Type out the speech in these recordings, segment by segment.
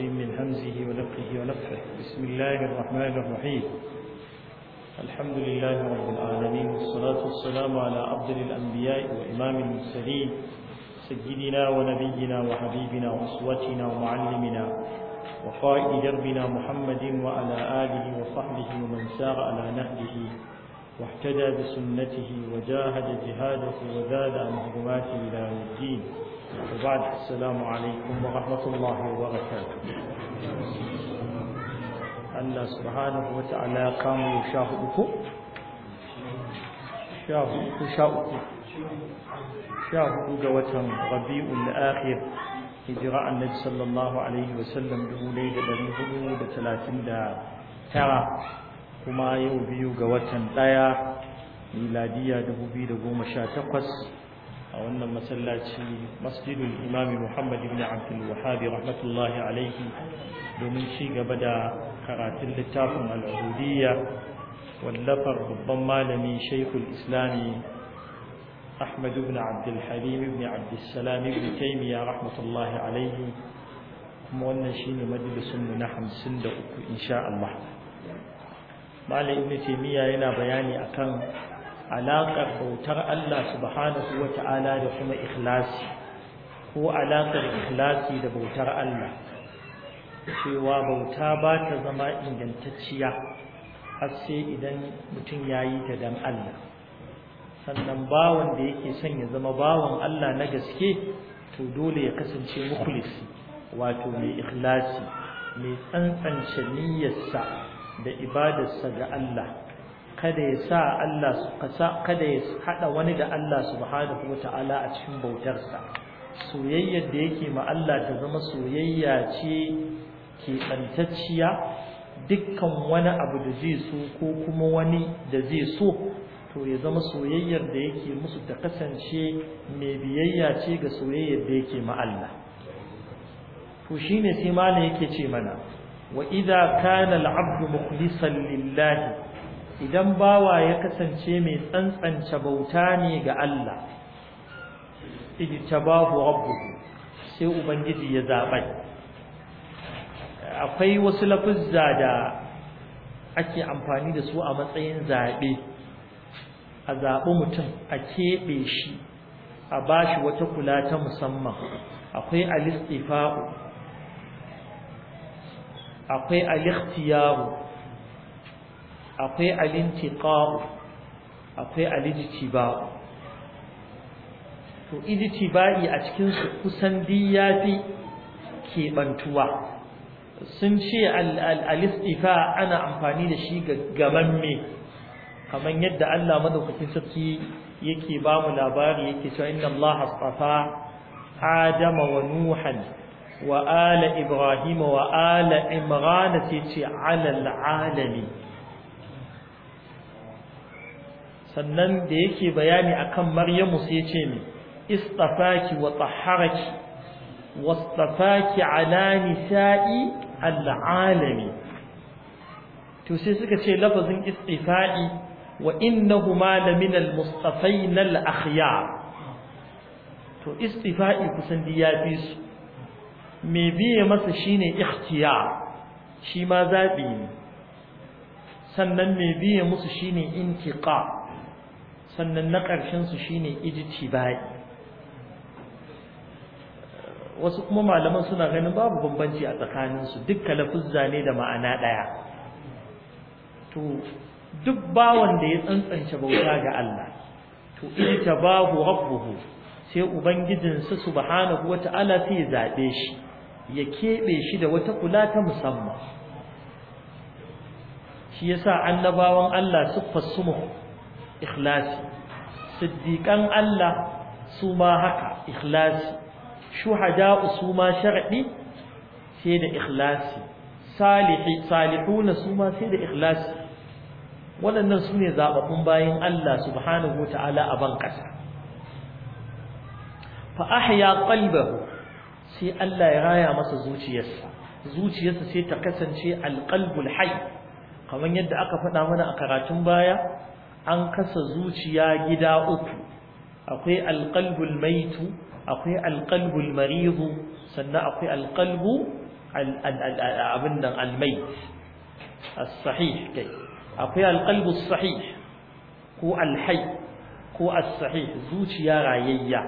الرجيم من همزه ونفخه ونفخه بسم الله الرحمن الرحيم الحمد لله رب العالمين والصلاة والسلام على أفضل الأنبياء وإمام المرسلين سيدنا ونبينا وحبيبنا وأسوتنا ومعلمنا وقائد دربنا محمد وعلى آله وصحبه ومن سار على نهجه واحتدى بسنته وجاهد جهاده وزاد عن هجماته إلى الدين بعد السلام عليكم ورحمة الله وبركاته الله سبحانه وتعالى قام يشاهدكم شاهدكم شاهدكم شاهدوا جوة ربيع الآخر هجراء النبي صلى الله عليه وسلم بوليد الذي حدود ثلاثين دا ترى كما يوبيو جوة لايا ميلادية دبوبي دبو مشاتقس a wannan masallaci masjidul imami muhammad ibn abdul wahabi rahmatullahi alaihi domin ci gaba da karatun littafin al'udiyya wallafar babban malami shaikul islami ahmad ibn abdul halim ibn abdul salam ibn taymiya rahmatullahi alaihi kuma wannan shine majalisun mu na uku insha Allah malam ibn taimiyya yana bayani akan alaƙar bautar Allah subhanahu wa ta'ala da kuma ikhlasi ko alaƙar ikhlasi da bautar Allah cewa bauta ba ta zama ingantacciya har sai idan mutum ya yi ta dan Allah sannan bawan da yake son ya zama bawan Allah na gaske to dole ya kasance mukulisi wato mai ikhlasi mai tsantsance niyyarsa da ibadarsa ga Allah kada ya sa Allah kada ya hada wani da Allah subhanahu wata'ala a cikin bautar sa soyayyar da yake ma Allah ta zama soyayya ce ke tsantacciya dukkan wani abu da zai so ko kuma wani da zai so to ya zama soyayyar da yake musu ta kasance mai biyayya ce ga soyayyar da yake ma Allah to shine sai malam yake ce mana wa idza kana al-'abdu mukhlisan lillahi idan bawa ya kasance mai tsantsance bauta ne ga Allah tabahu rabbuhu sai ubangiji ya zaɓa akwai wasu lafuzza da ake amfani da su a matsayin zaɓe a zaɓi mutum a keɓe shi a bashi wata kula ta musamman akwai alistifa akwai alikhtiyaru akwai alintiqa'u akwai alijtiba to ijtiba'i a cikin kusan diyafi ke bantuwa sun ce al ana amfani da shi ga gamamme kamar yadda Allah madaukakin sarki yake ba mu labari yake cewa inna Allah astafa Adama wa Nuhan wa ala Ibrahim wa ala Imran sai ce alal alamin sannan da yake bayani akan maryamu sai ya ce mai istafaki wa tahharaki wastafaki ala nisa'i al'alami to sai suka ce lafazin istifa'i wa innahuma lamin al-mustafain al-akhyar to istifa'i kusan ya fi su me biye masa shine ikhtiyar shi ma zabi ne sannan me biye musu shine intiqa sannan na ƙarshen su shine ijtibai wasu kuma malaman suna ganin babu bambanci a tsakanin su dukkan da ma'ana ɗaya. to duk bawanda da ya tsantsance bauta ga Allah to babu rabbuhu sai ubangijinsa subhanahu wata'ala sai ya zabe shi ya kebe shi da wata kula ta musamman shi yasa annabawan Allah su su ikhlasi siddiqan Allah su ma haka ikhlasi shuhada su ma sai da ikhlasi salihi salihuna su ma sai da ikhlasi waɗannan su ne zaɓaɓɓun bayan Allah subhanahu wa ta'ala a ban ƙasa fa ahya qalbahu sai Allah ya raya masa zuciyarsa zuciyarsa sai ta kasance alqalbul hayy kamar yadda aka faɗa mana a karatun baya an kasa zuciya gida uku akwai alqalbul maitu akwai alqalbul marihu, sannan akwai alqalbu abin nan almait as-sahih kai akwai alqalbu sahih ko alhayy ko as-sahih zuciya rayayya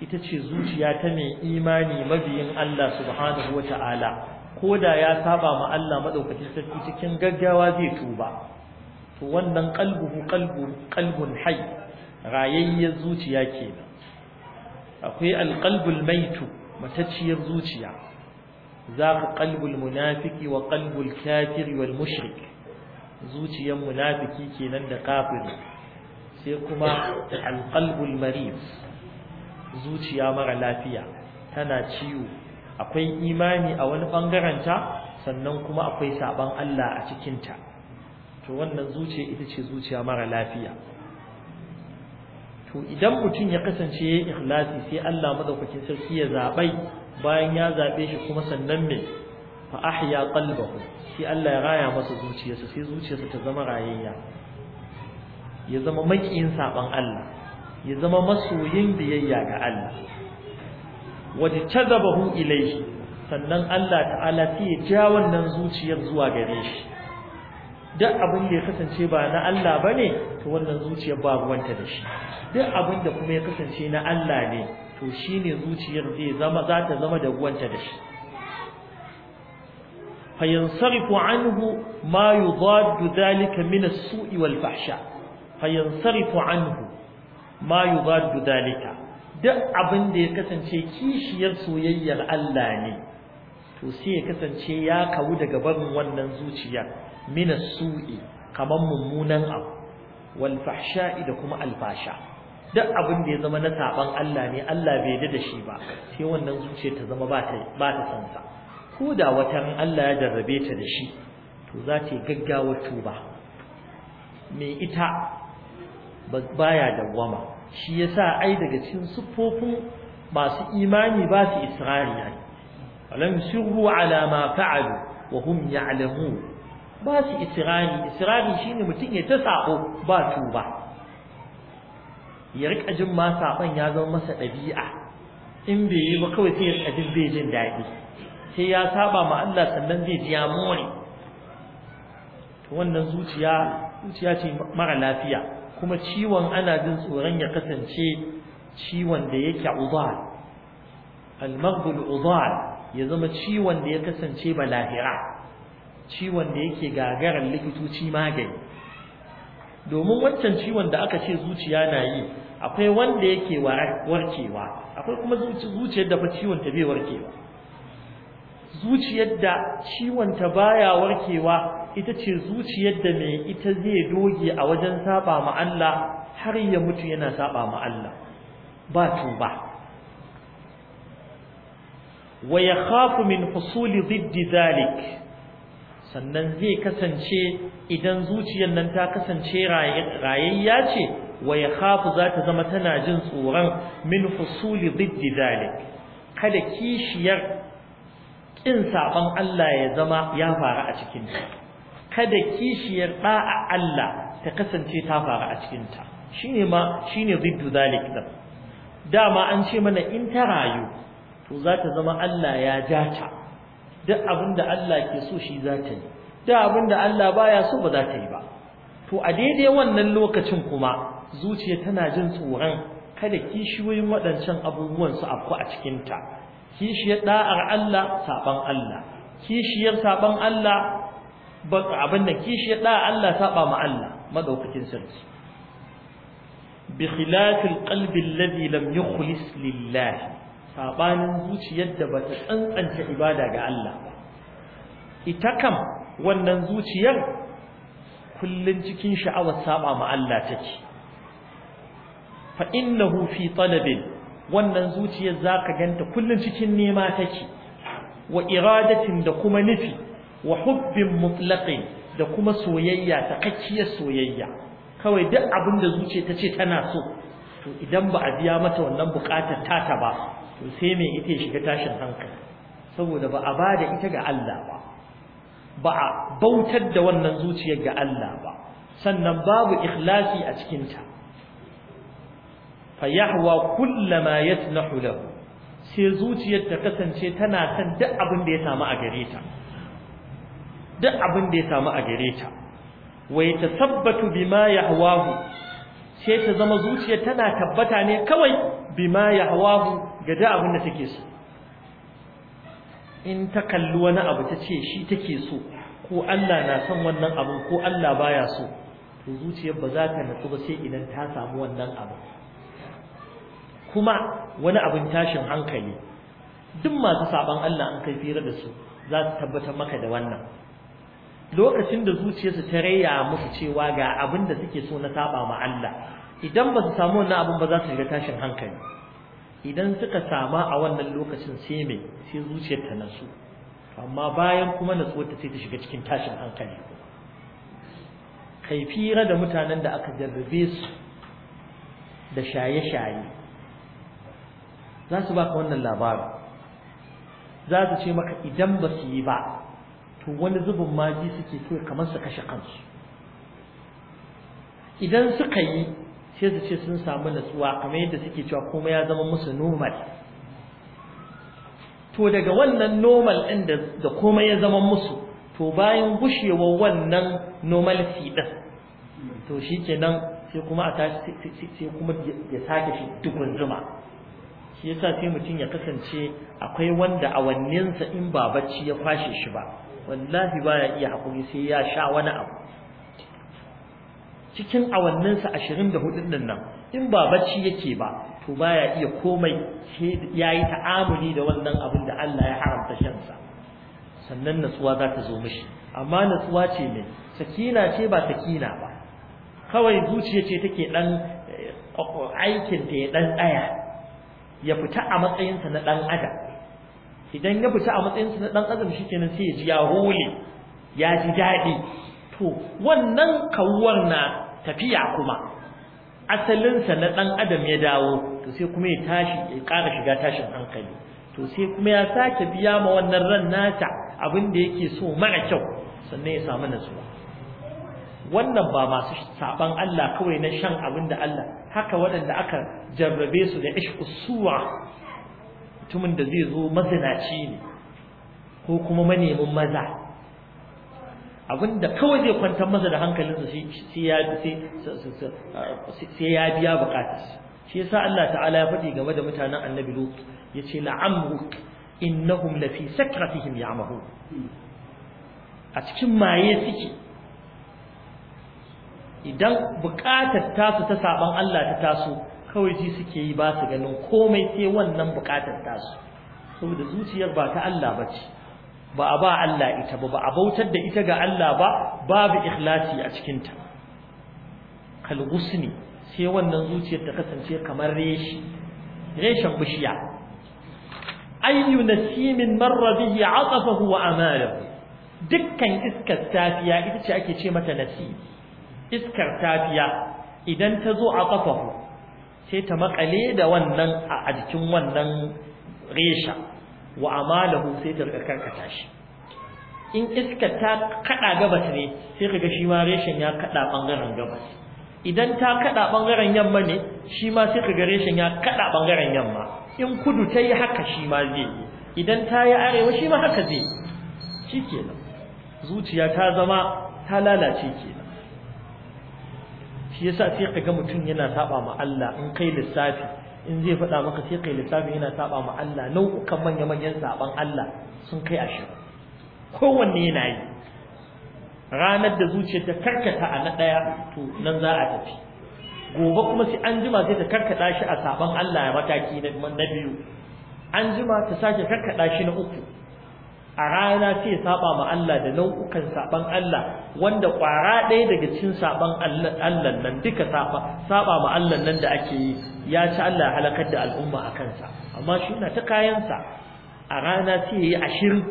ita ce zuciya ta mai imani mabiyin Allah subhanahu Ta'ala. ko da ya saba ma Allah madaukakin sarki cikin gaggawa zai tuba to wannan qalbuhu qalbu qalbun hayy rayayyar zuciya kenan akwai alqalbul maitu matacciyar zuciya zaka qalbul munafiki wa qalbul kafiri wal mushrik zuciyar munafiki kenan da kafiri sai kuma alqalbul marid zuciya mara lafiya tana ciwo akwai imani a wani bangaren ta sannan kuma akwai saban Allah a cikinta to wannan zuciya ita ce zuciya mara lafiya to idan mutum ya kasance ya ikhlasi sai Allah madaukakin sarki ya zabai bayan ya zabe shi kuma sannan me fa ahya qalbahu sai Allah ya raya masa zuciyarsa sai zuciyarsa ta zama rayayya ya zama makiyin saban Allah ya zama masoyin biyayya ga Allah waje tazabahu ilayhi sannan Allah ta'ala sai ya ja wannan zuciyar zuwa gare shi duk abin da ya kasance ba na Allah ba ne to wannan zuciyar ba ruwanta da shi duk abin da kuma ya kasance na Allah ne to shi ne zuciyar zai zama za ta zama da ruwanta da shi fayansarifu anhu ma yudaddu dhalika min as-su'i wal fahsha fayansarifu anhu ma yudaddu dhalika duk abin da ya kasance kishiyar soyayyar Allah ne to sai ya kasance ya kawu daga barin wannan zuciyar. min as-su'i kaman mummunan abu wal fahsha'i da kuma alfasha duk abin da ya zama na saban Allah ne Allah bai yarda da shi ba sai wannan zuciya ta zama ba ta ba ta san sa ko da watan Allah ya jarrabe ta da shi to za ta yi tuba me ita baya dawwama shi yasa ai daga cikin siffofin masu imani ba su israriya alam sirru ala ma fa'alu wa hum ya'lamun ba su israni israni ne mutum ya ta sako ba tuba ya rika jin ma saban ya zama masa ɗabi'a in bai yi ba kawai sai ya rika jin bai jin daɗi sai ya saba ma Allah sannan zai ji ya more wannan zuciya zuciya ce mara lafiya kuma ciwon ana jin tsoron ya kasance ciwon da yake uzal al-maghdul ya zama ciwon da ya kasance balahira ciwon da yake gagarar likitoci magani domin wancan ciwon da aka ce zuciya na yi akwai wanda yake warkewa akwai kuma zuciyar da fa ciwon ta bai warkewa zuciyar da ciwon ta baya warkewa ita ce zuciyar da mai ita zai doge a wajen saba ma Allah har ya mutu yana saba ma Allah ba tuba wa yakhafu min husuli ziddi zalik sannan zai kasance idan zuciyar nan ta kasance rayayya ce wa khafu za ta zama tana jin tsoron min husuli diddi dalik kada kishiyar ƙin saban Allah ya zama ya faru a cikinta. kada kishiyar ɗa'a Allah ta kasance ta faru a cikinta. Shi ne ma shine diddu dalik din dama an ce mana in ta rayu to za ta zama Allah ya ja ta duk abinda Allah ke so shi za ta yi duk abinda Allah baya so ba za ta yi ba to a daidai wannan lokacin kuma zuciya tana jin tsoron kada kishiyoyin waɗancan abubuwan su afku a cikin ta kishiyar da'ar Allah saban Allah kishiyar saban Allah ba abin da kishiyar da'ar Allah saba ma Allah madaukakin sarki bi khilafil qalbi alladhi lam yukhlis lillahi sabanin zuciyar da bata tsantsanta ibada ga Allah ita kam wannan zuciyar kullun cikin sha'awar saba ma Allah take fa innahu fi talabin wannan zuciyar zaka ganta kullun cikin nema take wa iradatin da kuma nufi wa hubbin mutlaqin da kuma soyayya kakkiyar soyayya kawai duk abin da zuciya ta ce tana so to idan ba a biya mata wannan bukatar tata ba to sai mai ita shiga tashin hankali saboda ba a ba da ita ga Allah ba ba a bautar da wannan zuciyar ga Allah ba sannan babu ikhlasi a cikinta fa fayahwa kullama na lahu sai zuciyar ta kasance tana san duk abin da ya samu a gare ta duk abin da ya samu a gare ta wa yatasabbatu bima yahwahu sai ta zama zuciya tana tabbata ne kawai bima yahwahu ga da abin da take so in ta kalli wani abu ta ce shi take so ko Allah na san wannan abin ko Allah baya so to zuciyar ba za ta natsu ba sai idan ta samu wannan abu kuma wani abin tashin hankali duk masu saban Allah an kai fira da su za su tabbatar maka da wannan lokacin da zuciyarsu ta raya musu cewa ga abin da suke so na saba ma Allah idan ba su samu wannan abin ba za su shiga tashin hankali idan suka sama a wannan lokacin sai mai sai zuciyar ta nasu amma bayan kuma na ta sai ta shiga cikin tashin hankali kai fira da mutanen da aka jarrabe su da shaye-shaye za su baka wannan labarin za su ce maka idan ba su yi ba to wani zubin maji suke so kamar su kashe kansu idan suka yi sai su ce sun samu natsuwa kamar yadda suke cewa kuma ya zama musu normal to daga wannan normal ɗin da komai ya zama musu to bayan gushewar wannan normalcy ɗin to shi kenan sai kuma a tashi sai kuma ya sake shi dukun zuma shi yasa sai mutum ya kasance akwai wanda awanninsa in ba bacci ya kwashe shi ba wallahi baya iya hakuri sai ya sha wani abu cikin awanninsa 24 din nan in ba bacci yake ba to baya iya komai sai yayi ta'amuli da wannan abin da Allah ya haramta shan sa sannan natsuwa za ta zo mishi amma natsuwa ce ne sakina ce ba sakina ba kawai zuciya ce take dan eh, aikin ta ya dan tsaya ya fita a matsayinsa na dan adam idan ya fita a matsayinsa na dan adam shikenan sai ya ji ya hole ya ji daɗi to wannan kawuwar na tafiya kuma asalinsa na dan adam ya dawo to sai kuma ya tashi ya ƙara shiga tashin hankali to sai kuma ya sake biya ma wannan ran nata abin da yake so mara kyau sannan ya samu nasuwa wannan ba masu saban Allah kawai na shan abin da Allah haka waɗanda aka jarrabe su da ishku suwa mutumin da zai zo mazinaci ne ko kuma manemin maza abinda kawai zai kwantar masa da hankalinsa sai ya biya bukatarsa shi yasa Allah ta'ala ya faɗi game da mutanen annabi lut yace la'amruk innahum lafi sakratihim ya'mahun a cikin maye suke idan bukatar tasu ta saban Allah ta taso kawai ji suke yi ba su ganin komai sai wannan bukatar tasu saboda zuciyar ba ta Allah ba ce ba a ba Allah ita ba ba a bautar da ita ga Allah ba babu ikhlasi a cikinta kal gusni sai wannan zuciyar ta kasance kamar reshi reshen bishiya ayyu nasimin marra bihi atafahu wa amalahu dukkan iskar tafiya ita ce ake ce mata nasi iskar tafiya idan ta zo a kafahu sai ta makale da wannan a jikin wannan resha wa amalahu sai ta karkata shi in iska ta kada gabas ne sai kaga shi ma reshen ya kada bangaren gabas idan ta kada bangaren yamma ne shi ma sai kaga reshen ya kada bangaren yamma in kudu ta yi haka shi ma zai yi idan ta yi arewa shi ma haka zai yi shikenan zuciya ta zama ta lalace kenan shi yasa sai ga mutum yana saba ma Allah in kai lissafi in zai faɗa maka sai kai lissafi yana saba ma Allah nau'ukan manya manyan saban Allah sun kai ashirin kowanne yana yi ranar da zuciyar ta karkata a na ɗaya to nan za a tafi gobe kuma sai an jima sai ta karkata shi a saban Allah ya mataki na biyu an jima ta sake karkata shi na uku a rana ce saba ma Allah da nau'ukan saban Allah wanda kwara ɗaya daga cikin saban Allah nan duka saba ma Allah nan da ake yi ya ci Allah halakar da al'umma a kansa amma shi na ta kayansa a rana ya yi ashirin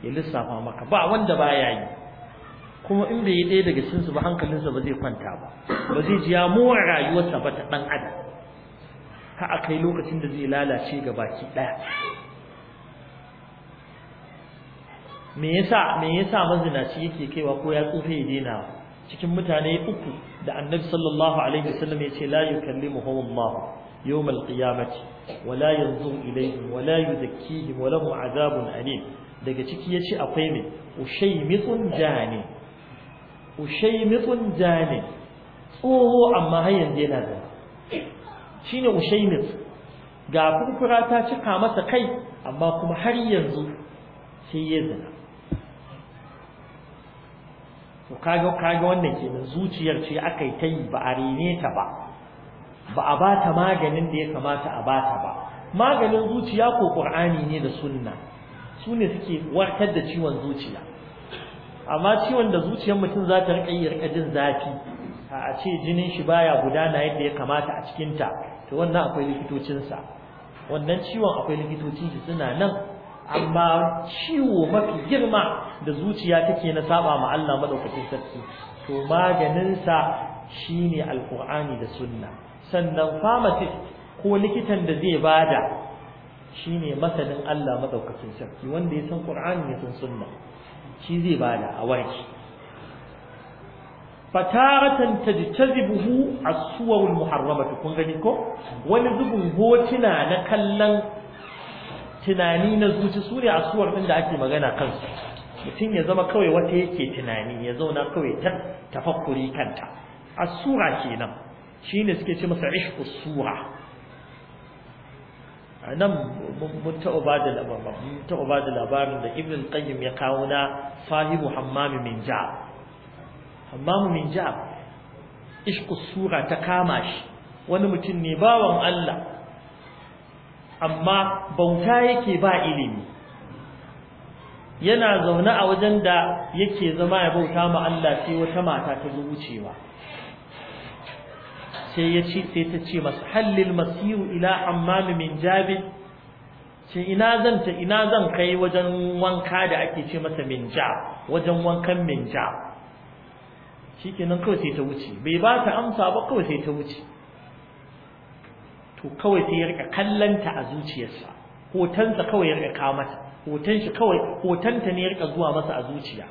ya lissafa maka ba wanda baya yi kuma in bai yi ɗaya daga cinsu ba hankalinsa ba zai kwanta ba ba zai ji ya mora rayuwarsa ba ta ɗan adam ka kai lokacin da zai lalace ga baki ɗaya me yasa me yasa mazinaci yake kaiwa ko ya tsufe ya dena cikin mutane uku da annabi sallallahu alaihi wasallam ya ce la yukallimuhum Allah yawm al Wala wa la yanzuru ilayhim wa la yuzakkihim wa lahum azabun alim daga ciki yace akwai me ushaymitun jani ushaymitun jani tsoho amma har yanzu yana da shine ushaymit ga kurkura ta cika masa kai amma kuma har yanzu sai ya zina to kaga kaga wannan kenan zuciyar ce akai ta yi ba a rene ta ba ba a ba ta maganin da ya kamata a bata ba maganin zuciya ko qur'ani ne da sunna su ne suke warkar da ciwon zuciya amma ciwon da zuciyar mutum za ta riƙa yi rika jin zafi a ce jinin shi baya gudana yadda ya kamata a cikinta to wannan akwai likitocinsa wannan ciwon akwai likitoci suna nan amma ciwo mafi girma da zuciya take na saba ma Allah madaukakin sarki to maganin sa shine alqur'ani da sunna sannan pharmacist ko likitan da zai bada shine masanin Allah madaukakin sarki wanda ya san qur'ani ya san sunna shi zai bada a warki fataratan tajtazibuhu as-suwar al-muharramah kun gani ko wani zubin hotuna na kallon tunani na zuci su ne asuwar ɗin da ake magana kansu mutum ya zama kawai wata yake tunani ya zauna kawai ta tafakkuri kanta asura kenan shine suke ce masa ishqu sura anan mun taɓa ba da labarin taɓa ba da labarin da ibn qayyim ya kawo na Fahimu hammam min ja'ab hammam min ja'ab sura ta kama shi wani mutum ne bawan Allah amma bauta yake ba ilimi yana zaune a wajen da yake zama ya bauta ma Allah sai wata mata ta zo wucewa sai ya ce sai ta ce masa halil masiru ila hammam min jabi? ce ina zan ta ina zan kai wajen wanka da ake ce masa minja wajen wankan minja shikenan kawai sai ta wuce bai ba ta amsa ba kawai sai ta wuce to kawai sai ya rika kallanta a zuciyarsa hotonsa kawai ya rika kawo hoton shi kawai hotonta ne ya rika zuwa masa a zuciya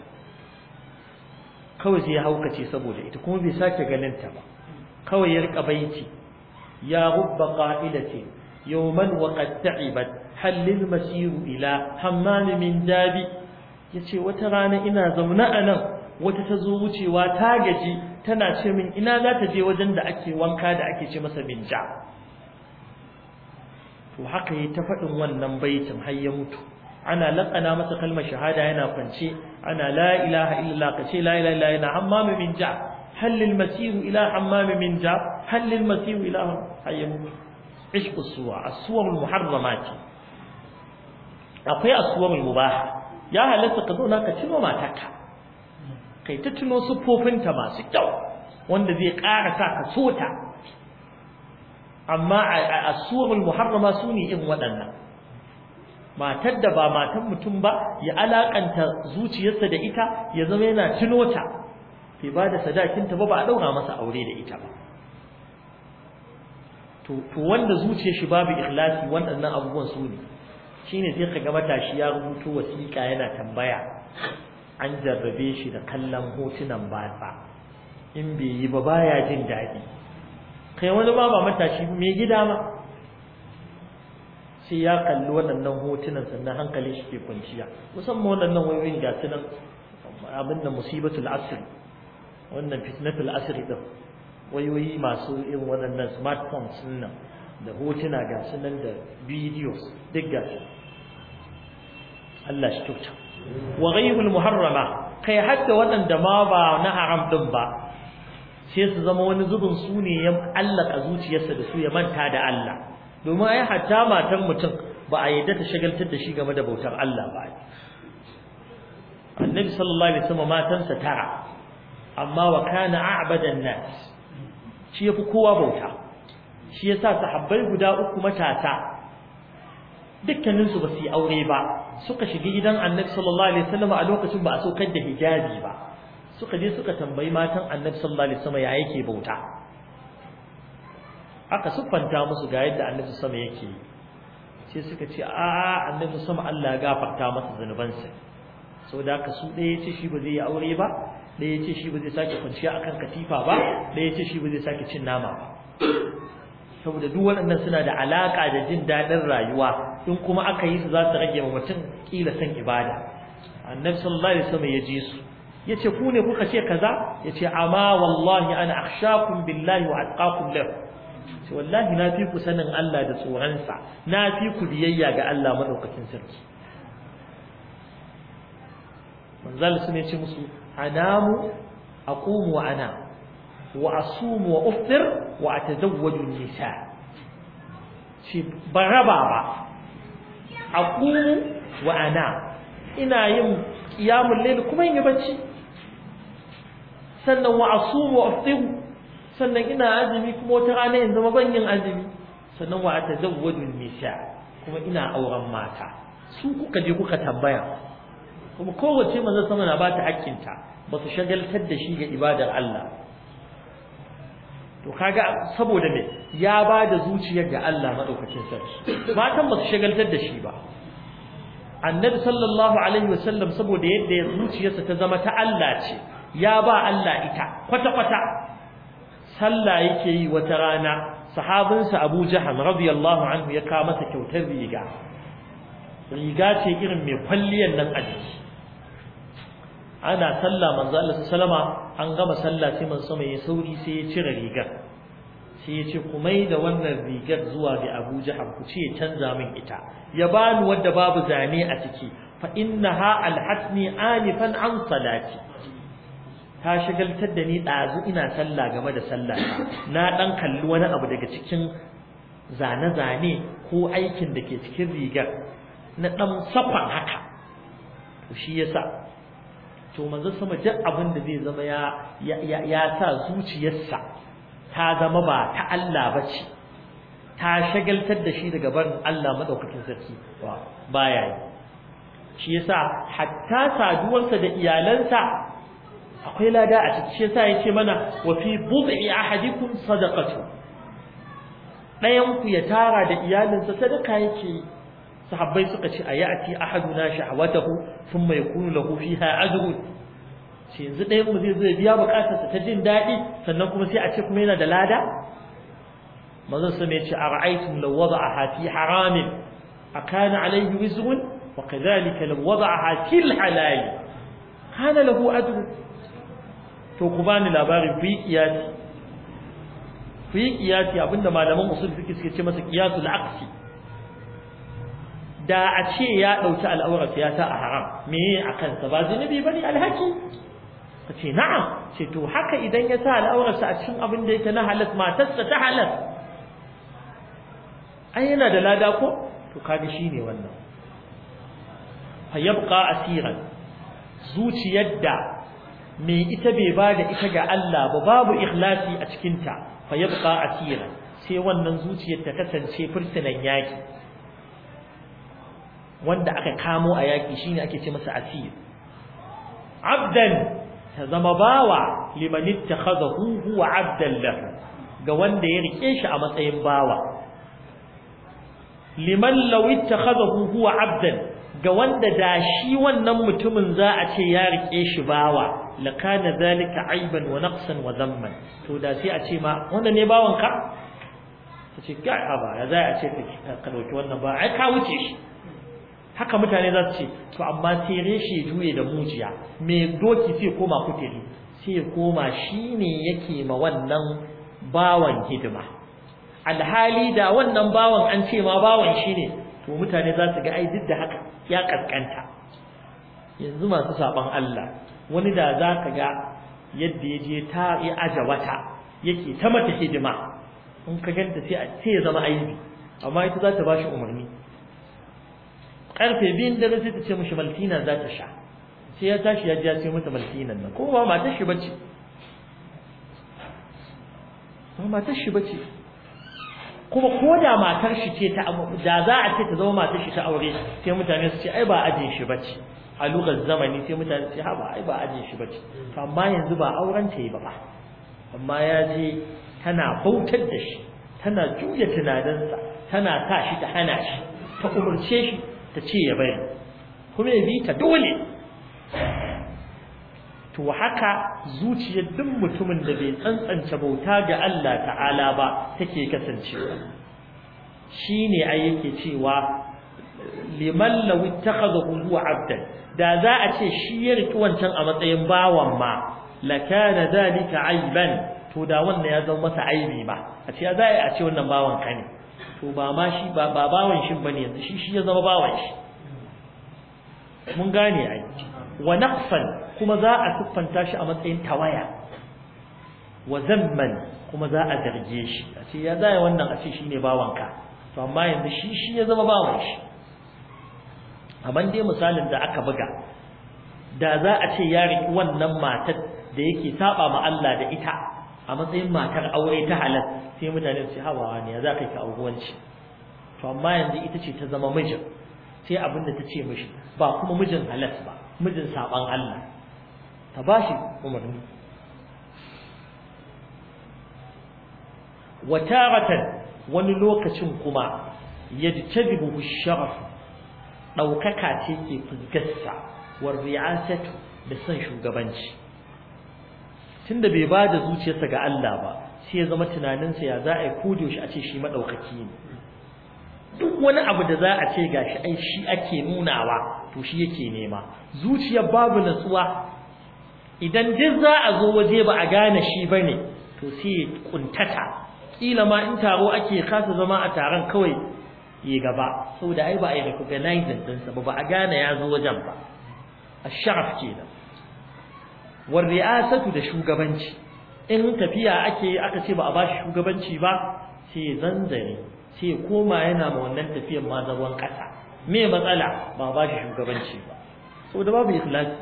kawai sai ya haukace saboda ita kuma bai sake ganin ta ba kawai ya rika baiti ya rubba qa'ilati yawman wa qad ta'ibat hal lil masir ila hammam min dabi yace wata rana ina zauna a nan wata ta zo wucewa ta gaji tana ce min ina za ta je wajen da ake wanka da ake ce masa binja to haka ta faɗin wannan baitin har ya mutu ana laƙana masa kalmar shahada yana kwance ana la ilaha illallah la ilaha illallah yana hammam min ja hal lil masir ila hammam min ja hal lil masir ila har ya mutu ishq suwa al-muharramat akwai al-mubaha ya halatta ka zauna ka tuno matarka kai ta tuno siffofinta masu kyau wanda zai ƙara sa ka sota ta amma a suwarul muharrama su ne in waɗannan matar da ba matan mutum ba ya alakanta zuciyarsa da ita ya zama yana tunota bai ba da sadakinta ba ba a ɗaura masa aure da ita ba to wanda zuciyar shi babu ikhlasi waɗannan abubuwan su ne shine sai kaga matashi ya rubuto wasiƙa yana tambaya an jarrabe shi da kallon hotunan batsa in bai yi ba baya jin daɗi kai wani ma ba matashi mai gida ma sai ya kalli waɗannan hotunan sannan hankali shi ke kwanciya musamman waɗannan wayoyin ga nan abin da musibatul asr wannan fitnatul asr din wayoyi masu irin waɗannan smartphones nan da hotuna ga nan da videos duk ga Allah shi kyauta wa ghayrul muharrama kai hatta waɗanda ma ba na haram din ba sai su zama wani zubin su ne ya allaka zuciyarsa da su ya manta da Allah domin ai hatta matan mutum ba a yadda ta shagaltar da shi game da bautar Allah ba annabi sallallahu alaihi wasallam matansa tara amma wa kana a'badan nas shi yafi kowa bauta shi yasa sahabbai guda uku matasa dukkanin su ba su yi aure ba suka shiga gidan annabi sallallahu alaihi wasallam a lokacin ba a saukar da hijabi ba suka je suka tambayi matan annabi sallallahu alaihi wasallam ya yake bauta aka siffanta musu ga yadda annabi sama yake sai suka ce a annabi sama Allah ya gafarta masa zanubansa saboda haka su ɗaya ce shi ba zai yi aure ba ɗaya ce shi ba zai sake kwanciya akan katifa ba ɗaya ce shi ba zai sake cin nama ba saboda duk waɗannan suna da alaƙa da jin daɗin rayuwa in kuma aka yi su za su rage wa mutum kila san ibada annabi sallallahu alaihi wasallam ya je su yace ku ne kuka ce kaza yace amma wallahi ana akhshakum billahi wa atqakum lahu ce wallahi na fi ku sanin Allah da tsoronsa na fi ku biyayya ga Allah madaukakin sarki manzal sun ce musu anamu aqumu wa ana wa asumu wa uftir wa atazawwaju nisa shi baraba ba aqumu wa ana ina yin qiyamul layl kuma yin bacci sannan wa asumu wa aftiru sannan ina azumi kuma wata rana in zama ban yin azumi sannan wa atazawwadu nisa kuma ina auren mata su kuka je kuka tambaya kuma kowace manzo sama na bata hakkinta ba su shagaltar da shi ga ibadar Allah to kaga saboda me ya ba da zuciyar ga Allah madaukakin sarki matan ba su shagaltar da shi ba annabi sallallahu alaihi wasallam saboda yadda zuciyarsa ta zama ta Allah ce ya ba Allah ita kwata-kwata sallah yake yi wata rana sahabinsa Abu Jahal radiyallahu anhu ya kawo masa kyautar riga riga ce irin mai kwalliyar nan a jiki ana sallah manzo Allah sallama an gama sallah sai manzo mai sauri sai ya cire rigar sai ya ce ku mai da wannan rigar zuwa ga Abu Jahal ku ce canza min ita ya bani wadda babu zane a ciki fa innaha alhatni anifan an salati ta shagaltar da ni ɗazu ina sallah game da sallah na ɗan kalli wani abu daga cikin zane-zane ko aikin da ke cikin rigar na ɗan safan haka to shi yasa to manzo sama duk abin da zai zama ya sa zuciyarsa ta zama ba ta Allah bace ta shagaltar da shi daga barin Allah madaukakin sarki ba baya yi shi yasa hatta saduwarsa da iyalansa akwai lada a cikin shi yasa yace mana wa fi bud'i ahadikum sadaqatu dayan ku ya tara da iyalinsa sadaka yake sahabbai suka ce ayati ahaduna shahwatahu thumma yakunu lahu fiha ajrun sai yanzu dayan mu zai zo ya biya bukatarsa ta jin dadi sannan kuma sai a ce kuma yana da lada manzon sa mai ce ara'aytum law wada'aha fi haramin akana alayhi wizrun wa kadhalika law wada'aha fi halal kana lahu ajrun to ku bani labarin ku yi kiyasi ku yi kiyasi abinda malaman usul fiqh suke ce masa qiyasul aqsi da a ce ya dauki al'aurar siyasa a haram me a sa ba zinubi bane alhaki ka ce na'am ce to haka idan ya sa al'aurarsa a cikin abin da yake na halas matarsa ta halas ai yana da lada ko to kaga shine wannan fa yabqa asiran zuciyar da me ita bai ba da ita ga Allah ba babu ikhlasi a cikinta fa yabqa asira sai wannan zuciyar ta kasance fursunan yaki wanda aka kamo a yaki shine ake ce masa asir abdan ta zama bawa liman ittakhadahu huwa abdan lahu ga wanda ya rike shi a matsayin bawa liman law ittakhadahu huwa abdan ga wanda da shi wannan mutumin za a ce ya rike shi bawa lakana zalika aiban wa naqsan wa zamman to da sai a ce ma wanda ne bawanka? ka ta ce ga aba ya zai a ce ka dauki wannan ba ai ka wuce shi haka mutane za su ce to amma sai reshe duye da mujiya me doki sai koma kuteli sai koma shine yake ma wannan bawan hidima alhali da wannan bawan an ce ma bawan shine to mutane za su ga ai duk da haka ya kaskanta yanzu masu saban Allah wani da za ka ga yadda ya je ta ya aja wata yake ta mata hidima in ka ganta sai a ce ya zama aibi amma ita za ta ba shi umarni karfe biyun dare sai ta ce mashi maltina za ta sha sai ya tashi ya ji ya ce mata maltinan nan Kuma ba matar shi bace ba matar shi bace kuma ko da matar shi ce ta da za a ce ta zama matar shi ta aure sai mutane su ce ai ba ajin shi bace a lugar zamani sai mutane ce ha ba ai ba ajin shi bace to amma yanzu ba auren ta yi ba amma ya je tana bautar da shi tana juya tunaninsa tana sa shi ta hana shi ta umarce shi ta ce ya bari kuma ya bi ta dole to haka zuciyar duk mutumin da bai tsantsance bauta ga Allah ta'ala ba take kasancewa shine ai yake cewa liman law ittakhadahu huwa abdan da za a ce shi ya riki wancan a matsayin bawan ma lakana zalika aiban to da wannan ya zama masa aibi ba a ce za a ce wannan bawan ka ne to ba ma shi ba ba bawan shi bane yanzu shi shi ya zama bawan shi mun gane ai wa naqfan kuma za a tuffanta shi a matsayin tawaya wa zamman kuma za a zarge shi a ce ya zai wannan a ce shine ka. to amma yanzu shi shi ya zama bawan shi amman dai misalin da aka buga da za a ce ya riki wannan matar da yake saba ma Allah da ita a matsayin matar aure ta halal sai mutane su hawa ne za ka yi auguwanci to amma yanzu ita ce ta zama mijin sai abin da ta ce mishi ba kuma mijin halas ba mijin saban Allah ta bashi umarni Wa taratan wani lokacin kuma yajtabihu sharaf Daukaka ce ke fuskarsa war ri'asatu da son shugabanci tunda bai ba da zuciyarsa ga Allah ba sai ya zama tunanin sa ya za a yi shi a ce shi maɗaukaki ne duk wani abu da za a ce gashi ai shi ake nunawa to shi yake nema zuciyar babu natsuwa idan duk za a zo waje ba a gane shi ba ne to sai ya kuntata kila ma in taro ake kasa zama a taron kawai yi gaba saboda ai ba a yi recognizing din sa ba ba a gane ya zo wajen ba sharaf kenan war ri'asatu da shugabanci in tafiya ake aka ce ba a shi shugabanci ba sai zanzare sai koma yana ma wannan tafiyar ma zagon kasa me matsala ba shi shugabanci ba saboda babu ikhlasi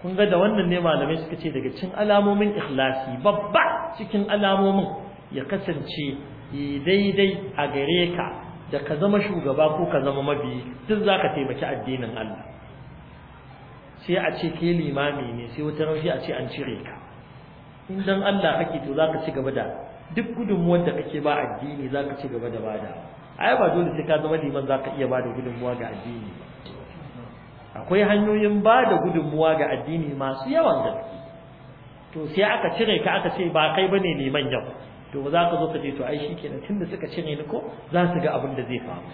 kun ga da wannan ne malamai suka ce daga cin alamomin ikhlasi babba cikin alamomin ya kasance eh, daidai a gare ka da ka zama shugaba ko ka zama mabi duk za ka taimaki addinin Allah sai a ce ke limami ne sai wata rafi a ce an cire ka in dan Allah kake to za ka ci gaba da duk gudunmuwar da kake ba addini za ka ci gaba da bada ai ba dole sai ka zama liman za ka iya bada gudunmuwa ga addini akwai hanyoyin bada gudunmuwa ga addini masu yawan gaske to sai aka cire ka aka ce ba kai bane liman yau to za ka zo ka je to ai shikenan tunda suka cire ni ko za su ga abin da zai faru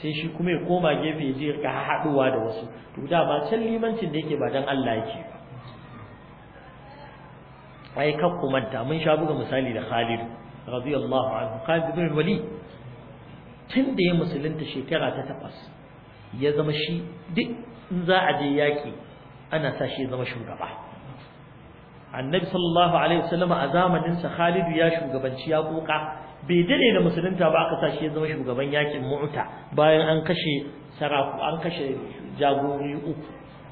sai shi kuma ya koma gefe ya je ka haɗuwa da wasu to da ba can limancin da yake ba dan Allah yake ba ai ka manta mun sha buga misali da Khalid radiyallahu anhu Khalid ibn Walid tun da ya musulunta shekara ta takwas ya zama shi duk in za a je yaki, ana sa shi ya zama shugaba annabi sallallahu alaihi wasallam a zamanin sa Khalid ya shugabanci ya koka bai dade da musulunta ba aka sashi ya zama shugaban yakin Mu'ta bayan an kashe saraku an kashe jagorori uku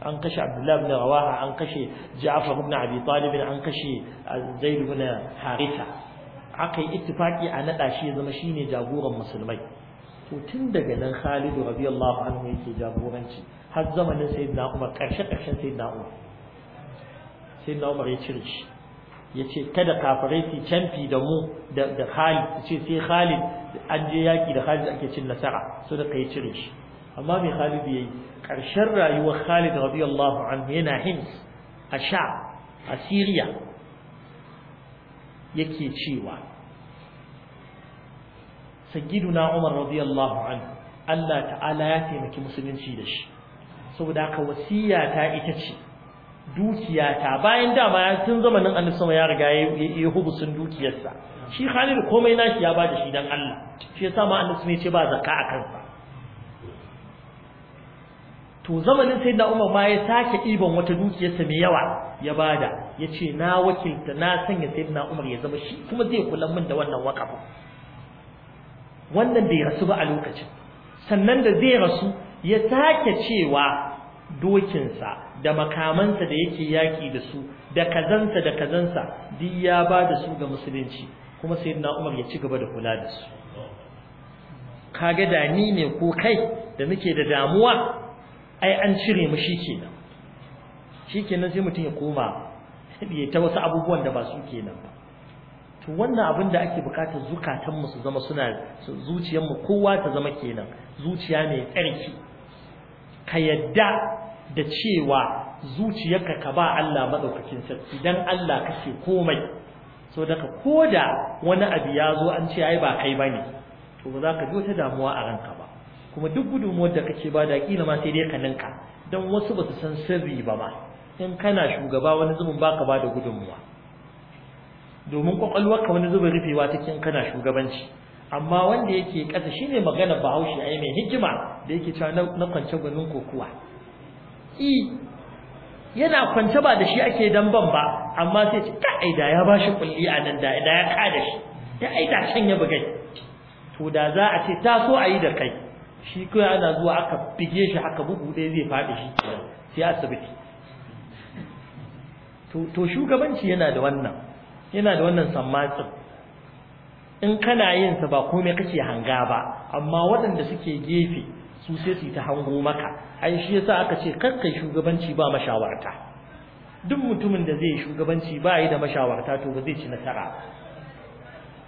an kashe Abdullah ibn Rawaha an kashe Ja'far ibn Abi Talib an kashe uh, Zaid ibn Haritha aka yi ittifaki a nada shi ya zama shine jagoran musulmai to tun daga nan Khalid radiyallahu anhu yake jagoranci har zamanin sayyidina Umar karshe karshen sayyidina Umar sai na umar ya cire shi ya ce kada kafirai su canfi da mu da khalid su ce sai khalid an je yaƙi da khalid ake cin nasara so da kai cire shi amma mai khalid ya yi ƙarshen rayuwar khalid radiyallahu anhu yana Hins a sha a siriya yake cewa sayyiduna umar radiyallahu anhu Allah ta'ala ya taimaki musulunci da shi saboda haka wasiya ta ita ce dukiyata bayan dama tun zamanin annabi sama ya riga ya hubusun dukiyarsa shi Khalid komai nashi ya bada shi dan Allah shi yasa ma annabi ce ba zaka a kansa to zamanin da Umar ma ya sake iban wata dukiyarsa mai yawa ya bada yace na wakilta na sanya da Umar ya zama shi kuma zai kula min da wannan wakafu wannan bai rasu ba a lokacin sannan da zai rasu ya sake cewa dokinsa da makamansa da yake yaƙi da su da kazansa da kazansa duk ya ba da su ga musulunci kuma sayyidina Umar ya ci gaba da kula da su kage da ni ne ko kai da muke da damuwa ai an cire mu shikenan shikenan sai mutum ya koma ya ta wasu abubuwan da ba su kenan ba to wannan abin da ake bukatar zukatanmu su zama suna zuciyarmu kowa ta zama kenan zuciya mai tsarki ka yadda da cewa zuciyarka ka ba Allah madaukakin sarki dan Allah kake komai so daga koda wani abu ya zo an ce ai ba kai bane to ba za ka ji wata damuwa a ranka ba kuma duk gudunmuwar da kake ba da kila ma sai dai ka ninka dan wasu ba su san sirri ba ma in kana shugaba wani zubin baka ba da gudunmuwa domin ka wani zubin rufewa take in kana shugabanci amma wanda yake kasa shine magana Bahaushe ai mai hikima da yake cewa na kwance gwanin kokuwa i e, yana kwance ba da shi ake ban ba amma sai ce ta aida ya bashi kulli a nan da ya kada shi ya aida can ya bugai to da za a ce ta so a yi da kai shi kai ana zuwa aka bige shi haka bugu dai zai faɗi shi sai asibiti to shugabanci yana da wannan yana da wannan sammatsin in kana yin sa ba komai kake hanga ba amma waɗanda suke gefe su sai su ta hango maka ai shi yasa aka ce kakkai shugabanci ba mashawarta duk mutumin da zai shugabanci ba yi da mashawarta to ba zai ci nasara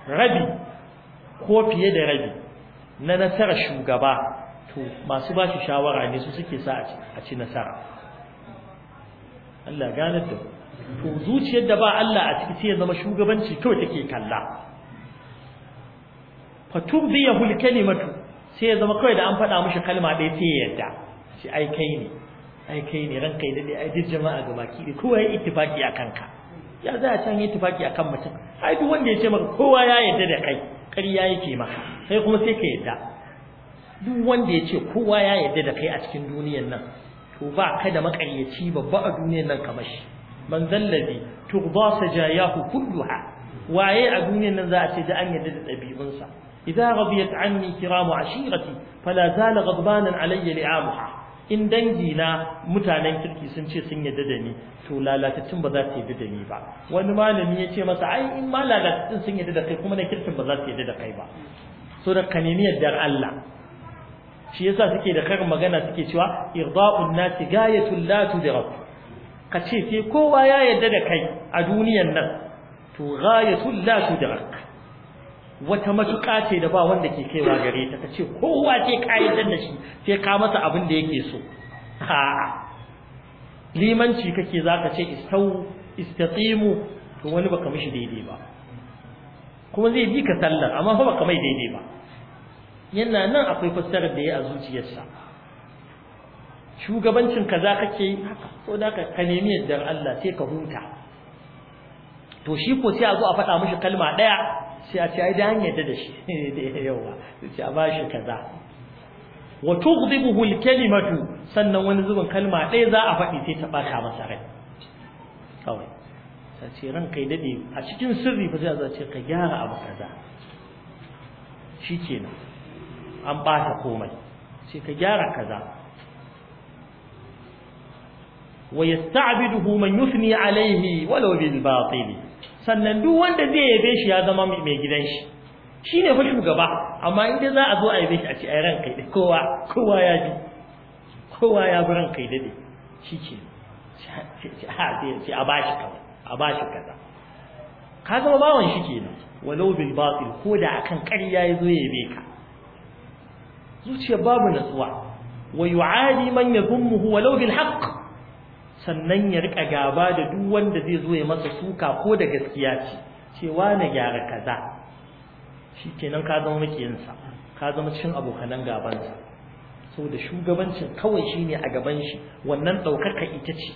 rabi ko fiye da rabi na nasarar shugaba to masu ba shi shawara ne su suke sa a ci nasara Allah ganar da to zuciyar da ba Allah a ciki sai ya zama shugabanci kawai take kalla faturdiyahu alkalimatu sai ya zama kawai da an faɗa mishi kalma ɗaya sai ya yadda shi ai kai ne ai kai ne ranka ya daɗe ai duk jama'a ga baki ne kowa ya ittifaki a kanka ya za a can yi ittifaki a kan mutum ai duk wanda ya ce maka kowa ya yadda da kai ƙarya yake maka sai kuma sai ka yadda duk wanda ya ce kowa ya yadda da kai a cikin duniyar nan to ba ka da maƙaryaci babba a duniyar nan kamar shi man zallabi tuqdasa jayahu kulluha waye a duniyar nan za a ce da an yadda da ɗabi'unsa إذا رضيت عني كرام عشيرتي فلا زال غضبانا علي لعامها in dangi na mutanen kirki sun ce sun yadda da ni to lalatattun ba za su yadda da ni ba wani malami ya ce masa ai in ma lalatattun sun yadda da kai kuma na ba za su da kai ba Allah shi yasa suke da karin magana suke cewa irda'un nasi gayatul la tudrab ka ce sai kowa ya yarda da kai a duniyar nan to ghayatul la tudrak wata matuƙa ce da ba wanda ke kaiwa gare ta tace kowa sai ka da shi sai ka masa abin da yake so ha limanci kake zaka ce istau istatimu to wani baka mishi daidai ba kuma zai bi ka sallar amma fa baka mai daidai ba yana nan akwai fassarar da ya a zuciyarsa shugabancin kaza kake yi haka ko da ka nemi yardar Allah sai ka huta to shi ko sai a zo a faɗa mishi kalma ɗaya sai a ce ai da hanyar da shi yawa sai a ba shi kaza wa tughdibuhu al-kalimatu sannan wani zubin kalma ɗaya za a faɗi sai ta ɓata masa rai kawai ta ce ran kai dade a cikin sirri fa sai a ce ka gyara abu kaza shikenan an ɓata komai sai ka gyara kaza ويستعبده من يثني عليه ولو بالباطل sannan duk wanda zai yabe shi ya zama mai gidan shi shi ne fa shugaba amma inda za a zo a yabe shi a ce ai ran kai kowa kowa ya ji kowa ya bi ran kai dade shi ke ha sai a bashi kawai a bashi kaza ka zama bawan shi nan walau bil batil ko da akan ƙarya ya zo ya yabe ka zuciyar babu natsuwa wa yu'adi man yadhummuhu walau bil haqq sannan ya rika gaba da duk wanda zai zo ya masa suka ko da gaskiya ce cewa na gyara kaza shikenan ka zama makiyinsa ka zama cikin abokanan gabansa da shugabancin kawai shine a gaban shi wannan ɗaukaka ita ce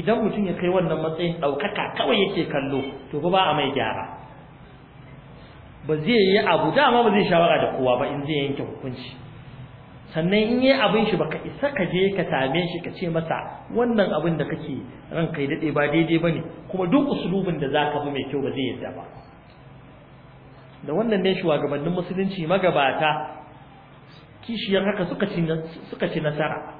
idan mutum ya kai wannan matsayin ɗaukaka kawai yake kallo to ba a mai gyara ba zai yi abu dama ba zai shawara da kowa ba in zai yanke hukunci sannan in yi abin shi baka isa ka je ka same shi ka ce masa wannan abin da kake ran kai dade ba daidai bane kuma duk usulubin da zaka bi mai kyau ba zai yadda ba da wannan ne shugabannin musulunci magabata kishiyar haka suka ci suka ci nasara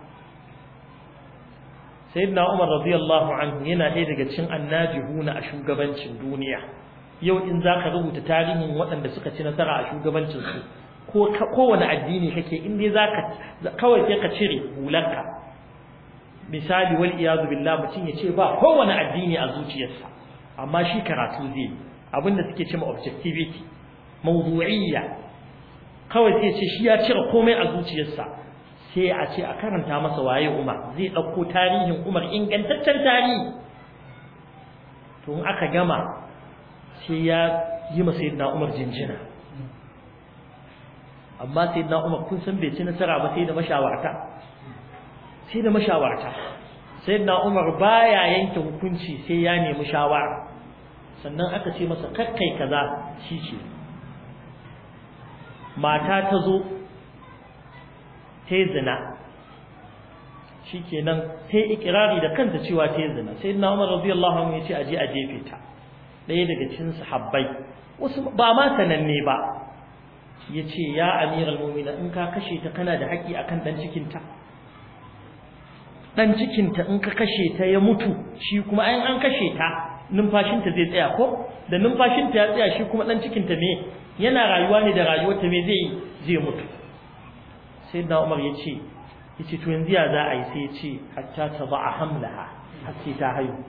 sayyidina Umar radiyallahu anhu yana ɗaya daga cikin annabihuna a shugabancin duniya yau in zaka rubuta tarihin waɗanda suka ci nasara a shugabancin su ko kowane addini kake in dai zaka kawai sai ka cire hularka. misali wal iyadu billah mutum ya ce ba kowane addini a zuciyarsa amma shi karatu zai abinda suke cewa objectivity mawdu'iyya kawai sai ce shi ya cire komai a zuciyarsa sai a ce a karanta masa waye Umar zai dauko tarihin Umar ingantaccen tarihi to in aka gama sai ya yi masa Umar jinjina amma sai na umar kun san bai ci nasara ba sai da mashawarta sai da mashawarta sai na umar baya yanke hukunci sai ya nemi shawara sannan aka ce masa kakkai kaza shi ce mata ta zo ta zina shi nan. ta ikirari da kanta cewa ta zina sai na umar radiyallahu anhu ya ce aje a jefe ta ɗaya daga cikin sahabbai wasu ba ma sananne ba ya ce ya amiral mumina in ka kashe ta kana da haƙi akan ɗan cikinta ɗan cikinta in ka kashe ta ya mutu shi kuma ayin an kashe ta numfashinta zai tsaya ko da numfashinta ya tsaya shi kuma ɗan cikinta me yana rayuwa ne da rayuwarta me zai zai mutu sai da umar ya ce ya ce to yanzu ya za a yi sai ya ce hatta ta ba a hamlaha har ta haihu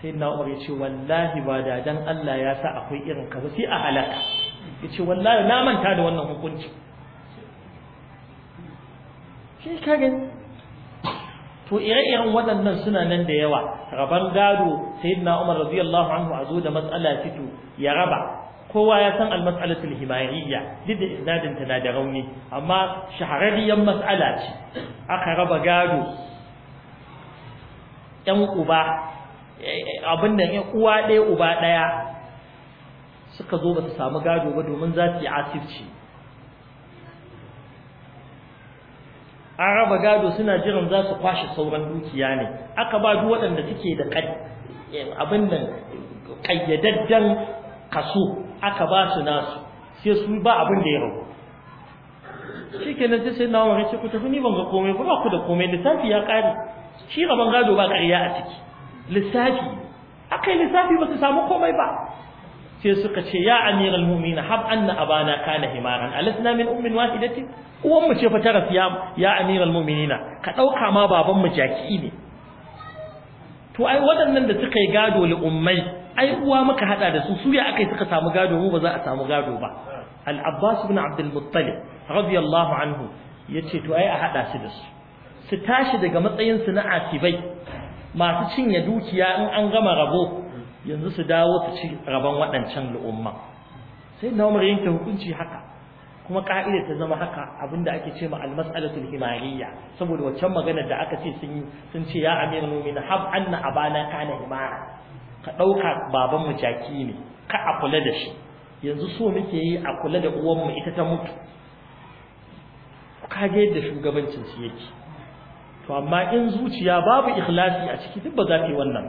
sai na umar ya ce wallahi ba da dan Allah ya sa akwai irin ka sai a halaka ya ce wallahi na manta da wannan hukunci shi kage to ire-iren waɗannan suna nan da yawa rabar gado sayyidina umar radiyallahu anhu a zo da matsala fito ya raba kowa ya san almas'alatul himayiyya duk da isnadin ta na da rauni amma shahararriyar matsala ce aka raba gado ɗan uba abin da ya uwa ɗaya uba ɗaya suka zo ba su samu gado ba domin za su yi asirci an raba gado suna jiran za su kwashe sauran dukiya ne aka ba duk waɗanda suke da abin da ƙayyadaddan kaso aka ba su nasu sai su ba abin da ya rabu shi ke nan sai na wani ce kuta ni ban ga komai ba ku da komai lissafi ya ƙare shi raban gado ba ƙarya a ciki lissafi akai lissafi ba su samu komai ba sai suka ce ya amiral mu'mina hab anna abana kana himaran alasna min ummin wahidatin uwan mu ce fa ta rasu ya amiral mu'minina ka dauka ma baban mu jaki ne to ai waɗannan da suka yi gado li ummai ai uwa muka hada da su suya akai suka samu gado mu ba za a samu gado ba al abbas ibn abd al muttalib radiyallahu anhu yace to ai a hada su da su su tashi daga matsayin su na atibai masu cinye dukiya in an gama rabo yanzu su dawo su ci rabon waɗancan al'umma sai na umar yanke hukunci haka kuma ka'ida ta zama haka abinda ake ce ma almas'alatul himariya saboda waccan maganar da aka ce sun sun ce ya amirul mu'minin hab anna abana kana himara ka dauka baban mu jaki ne ka a kula da shi yanzu so muke yi a kula da uwan ita ta mutu ka ga yadda shugabancin su yake to amma in zuciya babu ikhlasi a ciki duk ba za ta yi wannan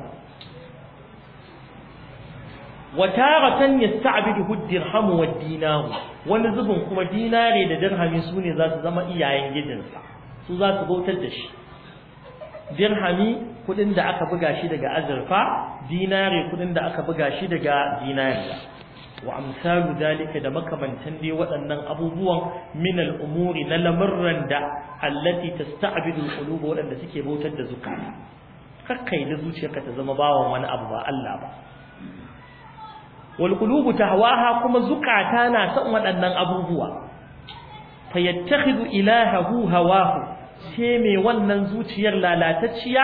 wa taratan yasta'bidu dirhamu wa wani zubin kuma dinare da dirhami sune za su zama iyayen gidansa su za su bautar da shi dirhami kudin da aka buga shi daga azurfa dinare kudin da aka buga shi daga Dinare. wa amsalu dalika da makamantan dai waɗannan abubuwan min al'umuri na lamurran da allati tasta'bidu al-qulub waɗanda suke bautar da zukata kakkai da zuciyarka ta zama bawan wani abu ba Allah ba wal ta tahwaha kuma zukata na son waɗannan abubuwa fayattakhidu ilahahu hawahu sai mai wannan zuciyar lalatacciya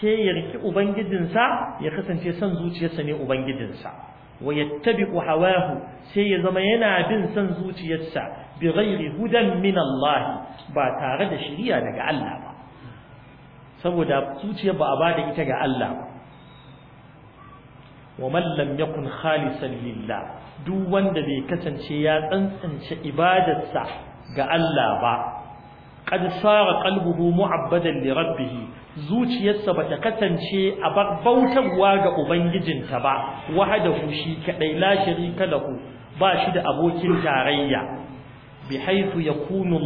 sai ya riki ubangijinsa ya kasance son zuciyarsa ne ubangijinsa wa yattabi'u hawahu sai ya zama yana bin son zuciyarsa bi ghairi hudan min Allah ba tare da shiriya daga Allah ba saboda zuciya ba a ba da ita ga Allah ba wa man lam yakun khalisan lillah duk wanda bai kasance ya tsantsance ibadarsa ga Allah ba qad sara qalbuhu mu'abbadan li rabbihi zuciyarsa ba ta kasance a bautarwa ga ubangijinta ba wahada shi kaɗai, lashiri kalahu ku. ba shi da abokin tarayya bi haythu yakunu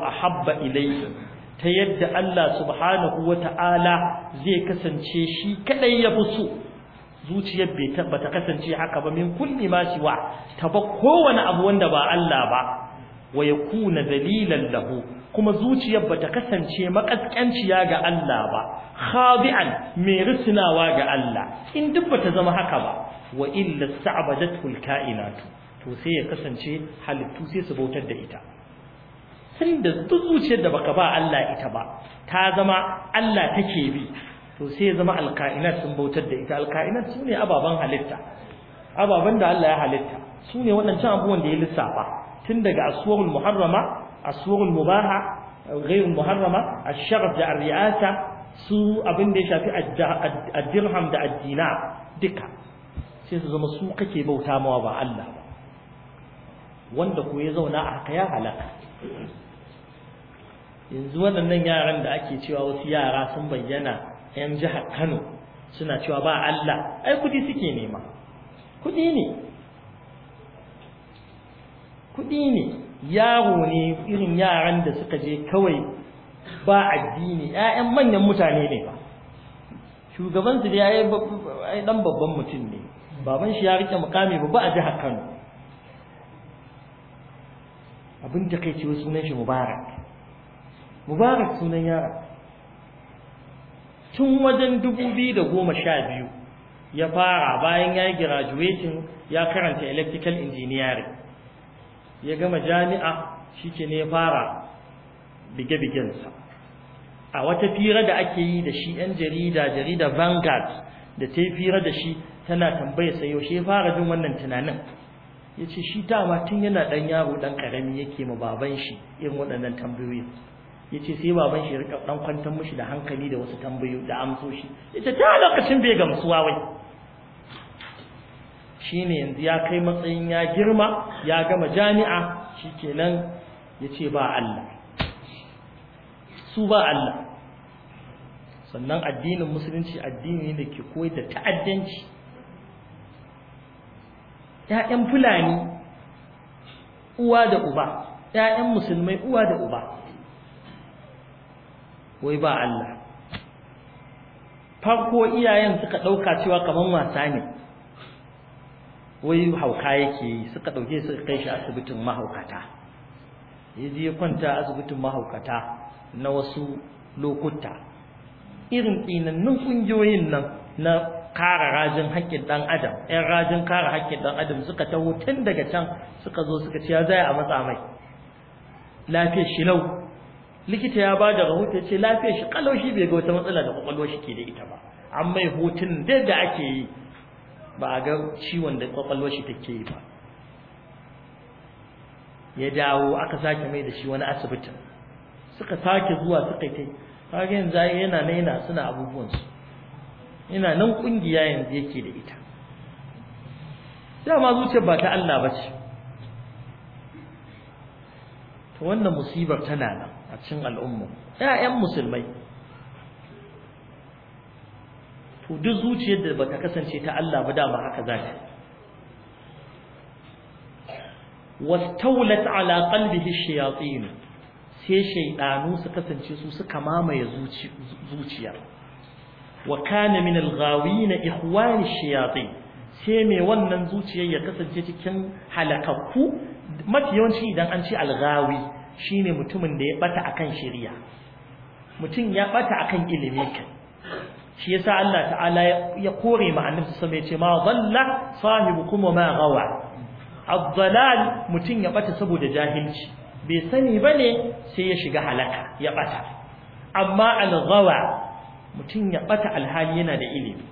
a habba ilai ta yadda Allah subhanahu wa ta'ala zai kasance shi kaɗai yafi so zuciyar bai ta kasance haka ba min kulli ma wa, ta ba kowane abu wanda ba Allah ba wa kuna dalilan lahu kuma zuciyar bata kasance makaskanciya ga Allah ba Khabi'an mai risnawa ga Allah in duk bata zama haka ba wa illa sta'badathu alka'inatu to sai ya kasance halittu sai su bautar da ita sai da duk zuciyar da baka ba Allah ita ba ta zama Allah take bi to sai ya zama alka'inat sun bautar da ita alka'inat sune ababan halitta ababan da Allah ya halitta sune cin abubuwan da ya lissafa tun daga asuwar muharrama aswarul mubaha غير المحرمة الشغف ده الرئاسة su abin da ya shafi addirham da addina duka sai su zama su kake bauta mawa ba Allah ba wanda ko ya zauna a haka ya halaka yanzu waɗannan yaran da ake cewa wasu yara sun bayyana yan jihar Kano suna cewa ba Allah ai kudi suke nema kudi ne kuɗi ne yaro ne irin yaran da suka je kawai ba addini ƴaƴan manyan mutane ne ba shugaban su ya ai dan babban mutum ne baban shi ya rike mukami ba ba a jihar Kano abin da kai ce sunan shi Mubarak Mubarak sunan yara tun wajen dubu biyu da goma sha biyu ya fara bayan ya yi graduating ya karanta electrical engineering ya gama jami'a shi ne ya fara bige-bigensa a wata fira da ake yi da shi 'yan jarida jarida vanguard da ta yi fira da shi tana tambaya sai yaushe ya fara jin wannan tunanin ya ce shi dama tun yana ɗan yaro dan karami yake ma baban shi irin waɗannan tambayoyin ya ce sai baban shi ya rika ɗan kwantar mushi da hankali da wasu tambayoyi da amsoshi ya ce ta lokacin bai gamsuwa wai shine yanzu ya kai matsayin ya girma ya gama jami'a shikenan yace ba Allah su ba Allah sannan addinin musulunci addini ne da ke koyar da ta'addanci ‘ya'yan fulani uwa da uba ‘ya'yan musulmai uwa da uba wai ba Allah farko iyayen suka ɗauka cewa kamar wasa ne wai hauka yake suka ɗauke su kai shi asibitin mahaukata ya je kwanta asibitin mahaukata na wasu lokuta irin tsinannun ƙungiyoyin nan na kara rajin haƙƙin ɗan adam ƴan rajin kara haƙƙin ɗan adam suka taho tun daga can suka zo suka ce ya zai a matsa mai lafiyar shi lau likita ya ba da rahoto ce lafiyar shi kalau shi bai ga wata matsala da kwakwalwar shi ke da ita ba An mai hutun da da ake yi ba a ga ciwon da kwakwalwar shi take yi ba ya dawo aka sake mai da shi wani asibitin suka sake zuwa suka kai kaga yanzu yana na yana suna abubuwansu ina nan kungiya yanzu yake da ita dama zuciyar ba ta Allah ba ce to wannan musibar tana nan a cikin al'umma ƴaƴan musulmai to duk zuciyar da bata kasance ta Allah ba dama haka zaka wastawlat ala qalbihi shayatin sai shaydanu su kasance su suka mamaye zuciya wa kana min al ihwan shayatin sai mai wannan zuciyar ya kasance cikin halakakku mafi yawanci idan an ce al shine mutumin da ya bata akan shari'a mutum ya bata akan ilimi kai shi yasa Allah ta'ala ya kore ma annabi sallallahu ya ce ma dhalla sahibu kuma ma gawa ad-dhalal mutun ya bata saboda jahilci bai sani bane sai ya shiga halaka ya bata amma al gawa mutun ya bata alhali yana da ilimi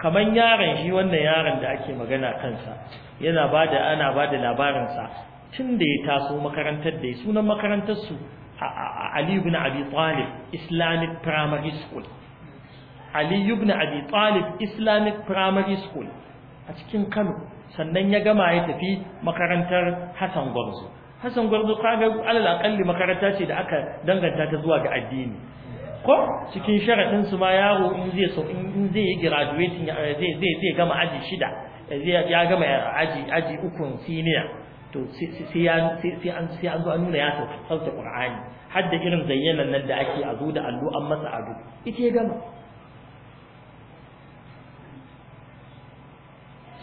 kaman yaron shi wannan yaron da ake magana kansa yana bada ana bada labarin sa tun da ya taso makarantar da sunan makarantar su Ali ibn Abi Talib Islamic Primary School Ali ibn Abi Talib Islamic Primary School a cikin Kano sannan ya gama ya tafi makarantar Hassan Gwarzo Hassan Gwarzo kaga alal akalli makaranta ce da aka danganta ta zuwa ga addini ko cikin sharaɗin su ma yaro in zai so in zai yi graduating eh, zai zai gama aji shida eh, zai ya gama aji aji ukun senior to sai an zo an nuna ya sauta qur'ani har irin zayyanan nan da ake a zo da allo an masa abu. ita ya gama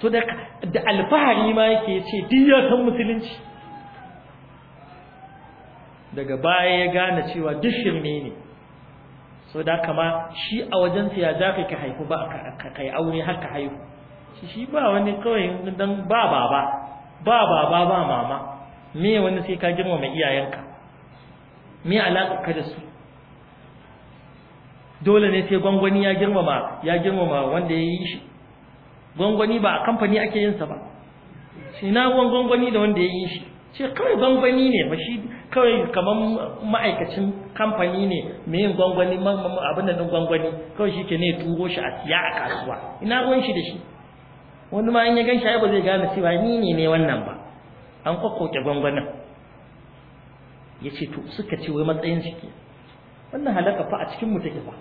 so da alfahari ma yake ce duk san musulunci daga baya ya gane cewa duk shirme ne so da kama shi a wajen ya za ka ka haifu ba ka kai aure haka haihu shi ba wani kawai dan ba baba ba baba ba mama me wani sai ka girmama iyayenka me alaƙa ka da su dole ne sai gwangwani ya girmama ya ma wanda ya yi shi gwangwani ba a kamfani ake yin sa ba sai na gwangwani da wanda ya yi shi ce kawai gwangwani ne ba shi kawai kamar ma'aikacin kamfani ne mai yin gwangwani abin da gwangwani kawai shi ke ne turo shi a siya a kasuwa ina ruwan shi da shi wani ma in ya gan shi ba zai gane cewa ni ne ne wannan ba an kwakkoke gwangwanin ya ce to suka ce wai matsayin shi ke wannan halaka fa a cikin mu take fa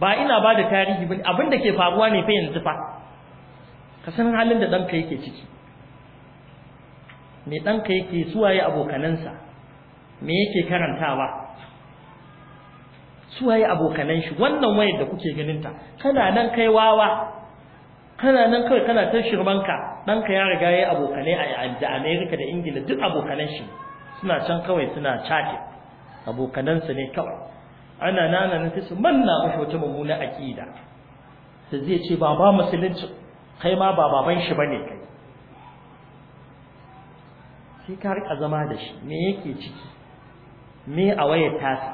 ba ina ba da tarihi ba abin da ke faruwa ne fa yanzu fa ka san halin da ɗanka yake ciki me ɗanka yake suwaye abokanansa me yake karantawa suwaye abokanan shi wannan wayar da kuke ganinta kana nan kai wawa kana nan kawai kana ta shirmanka ɗanka ya riga ya abokanai a da amerika da ingila duk abokanan shi suna can kawai suna chatting abokanansa ne kawai ana nana nan su manna mashi wata mummuna aƙida da zai ce ba ba musulunci kai ma ba baban shi bane kai sai ka rika zama da shi me yake ciki me a wayar tasa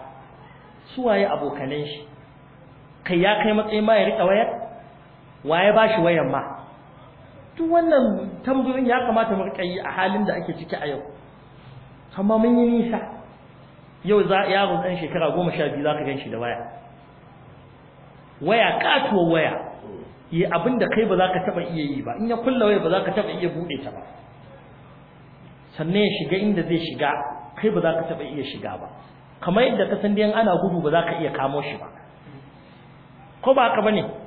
su waye abokanan shi kai ya kai matsayin ma ya rika wayar Wa ya ba shi wayan ma duk wannan tambayoyin ya kamata mu rika yi a halin da ake ciki a yau amma mun yi nisa yau za yaro dan shekara goma sha biyu za ka ganshi da waya waya katuwar waya yi abin kai ba za ka taɓa iya yi ba in ya kulla waya ba za ka taɓa iya buɗe ta ba sannan ya shiga inda zai shiga kai ba za ka taɓa iya shiga ba kamar yadda ka san dai ana gudu ba za ka iya kamo shi ba ko ba haka bane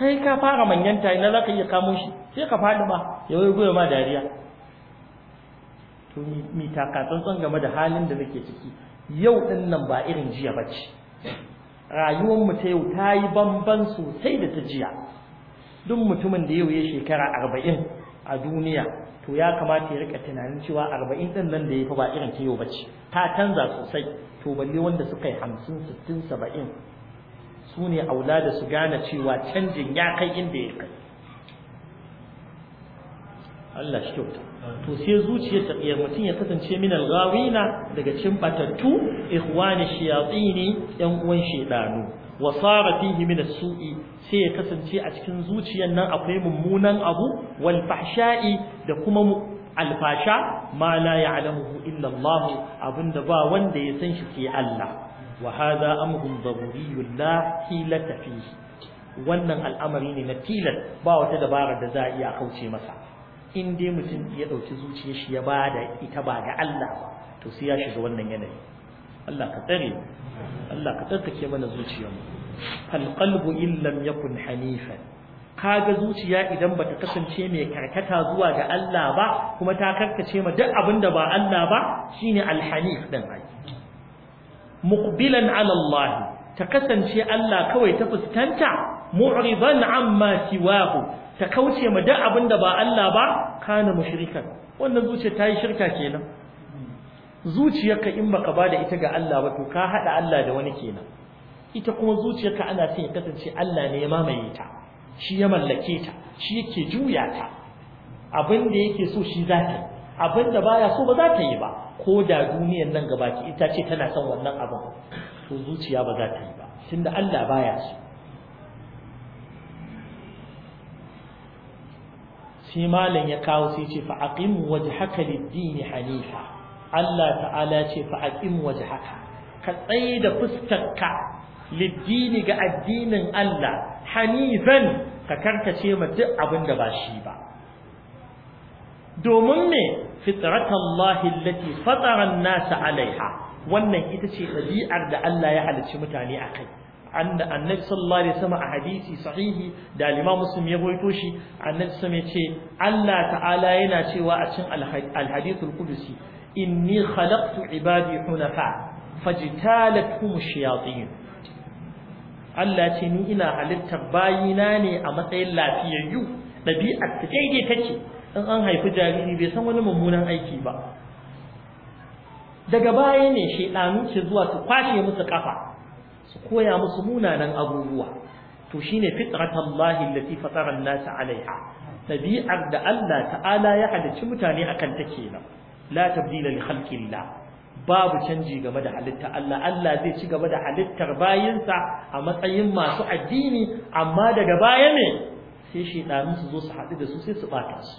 kai ka fara manyanta ina zaka iya kamo shi sai ka fadi ba ya wai goya ma dariya to mi tsantsan game da halin da nake ciki yau din nan ba irin jiya ba ce mu ta yau ta yi bamban sosai da ta jiya duk mutumin da yau ya shekara arba'in a duniya to ya kamata ya rika tunanin cewa arba'in din nan da ya fi ba irin ta yau ba ta canza sosai to balle wanda suka yi hamsin sittin saba'in su ne aula da su gane cewa canjin ya kai inda ya kai Allah shi kyauta to sai zuciyar ta tsiyar mutum ya kasance min al-ghawina daga cikin batattu ikhwani shayatini yan uwan shedanu wa sara fihi min sui sai ya kasance a cikin zuciyar nan akwai mummunan abu wal fahsha'i da kuma alfasha ma la ya'lamuhu illa abin abinda ba wanda ya san shi ke Allah wa hadha amrun daruriyyun la hilata fihi wannan al'amari ne na tilas ba wata dabara da za a iya kauce masa in dai mutum ya dauki zuciyar shi ya bada ita ba ga Allah ba to sai ya shiga wannan yanayi Allah ka tsare Allah ka tsarkake mana zuciyar. zuciyarmu fal qalbu illam yakun hanifan kaga zuciya idan bata kasance mai karkata zuwa ga Allah ba kuma ta karkace ma duk abinda ba Allah ba shine alhanif din ai muqbilan ala Allah ta kasance Allah kawai ta fuskanta mu'ridan amma siwahu ta kauce ma duk abinda ba Allah ba kana mushrikan wannan zuciya ta yi shirka kenan zuciyarka in baka bada ita ga Allah ba to ka hada Allah da wani kenan ita kuma zuciyarka ana son ya kasance Allah ne ya mamaye ta shi ya mallake ta shi yake juya ta abin da yake so shi zaka abin da baya so ba za ta yi ba ko da duniyar nan gabaki ita ce tana son wannan abin to zuciya ba za ta yi ba tunda Allah baya so shi malam ya kawo sai ce fa aqim wajhaka lid-din hanifa Allah ta'ala ce fa aqim wajhaka ka tsaye da fuskarka lid-din ga addinin Allah hanifan ka karkace ma duk abin da ba shi ba domin me fitratallahi allati fatara an-nasa alaiha wannan ita ce dabi'ar da Allah ya halicci mutane akai anna annabi sallallahu alaihi wasallam a hadisi sahihi da Imam Muslim ya rawaito shi annabi sallallahu ya ce Allah ta'ala yana cewa a cikin al-hadith al-qudusi inni khalaqtu ibadi hunafa fajtalathum shayatin Allah ce ni ina halittar bayina ne a matsayin lafiyayyu dabi'ar ta daidai take in an haifi jariri bai san wani mummunan aiki ba daga baya ne shaidanu ke zuwa su kwashe musu kafa su koya musu munanan abubuwa to shine fitratallahi allati fatara an-nas alaiha. tabi'ar da Allah ta'ala ya halicci mutane akan ta kenan la tabdila li khalqillah babu canji game da halitta Allah Allah zai ci gaba da halittar bayinsa a matsayin masu addini amma daga baya ne sai shaidanu su zo su haɗu da su sai su ɓata su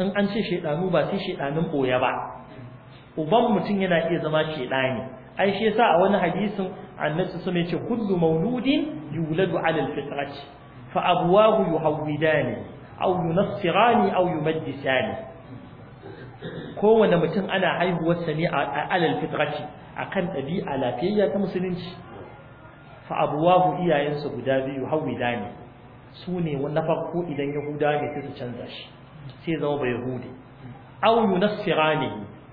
in an ce shaidanu ba sai shaiɗanun boye ba uban mutum yana iya zama shaidani ai shi yasa a wani hadisin annabi sun yace kullu mauludin yuladu ala alfitrati fa abwahu yuhawidani aw yunassirani aw yumaddisani kowane mutum ana haihuwarsa ne a alal fitrati akan ɗabi'a lafiyayya ta musulunci fa abuwahu iyayensa guda biyu hawidani su ne na farko idan yahudawa ne sai su canza shi sai zama ba yahudi na yunassirani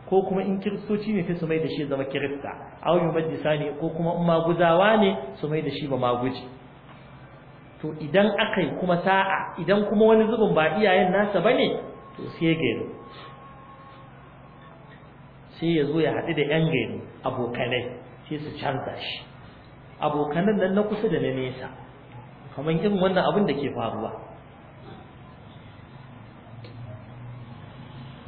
ko kuma in kiristoci ne sai su mai da shi zama kirista majisa ne ko kuma in maguzawa ne su mai da shi ba maguji to idan aka yi kuma sa'a idan kuma wani zubin ba iyayen nasa ba ne to sai gairu sai ya zo ya haɗu da yan gairu abokanai sai su canza shi abokanan nan na kusa da na nesa kamar irin wannan abin da ke faruwa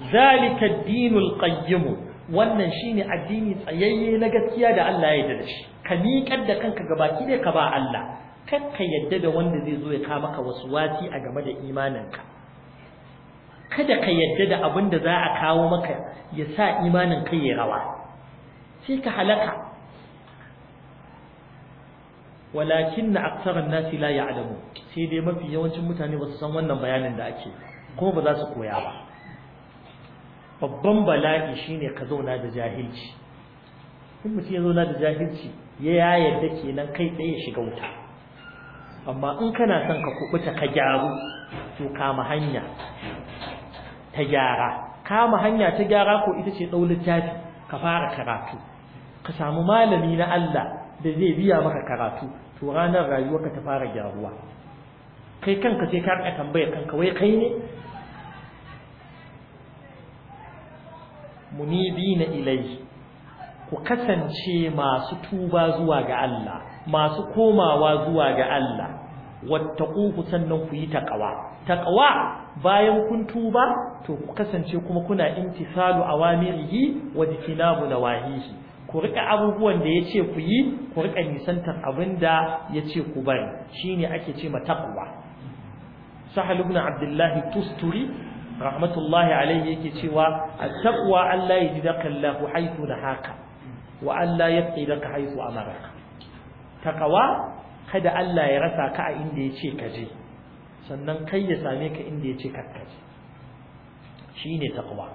zalika ad-dinul qayyim wannan shine addini tsayayye na gaskiya da Allah ya yarda shi ka miƙar da kanka gabaki ne, ka ba Allah kar ka yadda da wanda zai zo ya ka maka wasu wati a game da imaninka kada ka yadda da abin da za a kawo maka ya sa imanin kai ya rawa sai ka halaka walakin na aksarar nasi la ya'lamu sai dai mafi yawancin mutane ba su san wannan bayanin da ake ko ba za su koya ba babban bala'i shine ka zauna da jahilci in mutum ya zauna da jahilci ya yaya da ke nan kai tsaye shiga wuta amma in kana son ka kubuta ka gyaru to kama hanya ta gyara kama hanya ta gyara ko ita ce ɗau littafi ka fara karatu ka samu malami na Allah da zai biya maka karatu to ranar ka ta fara gyaruwa kai kanka sai ka rika tambayar kanka wai kai ne munibina ilai ku kasance masu tuba zuwa ga Allah masu komawa zuwa ga Allah ku sannan ku yi taqwa taqwa bayan kun tuba to ku kasance kuma kuna intisalu awamirihi wa na nawahihi ku rika abubuwan da yace ku yi ku rika nisantar abinda yace ku bari shine ake ce ma sahal ibn abdullah tusturi rahmatullahi alaihi yake cewa at-taqwa an la yajidaka Allahu haythu nahaka wa an la yafidaka haythu amaraka taqwa kada Allah ya rasa ka a inda yace ka je sannan kai ya same ka inda yace ka ka je shine taqwa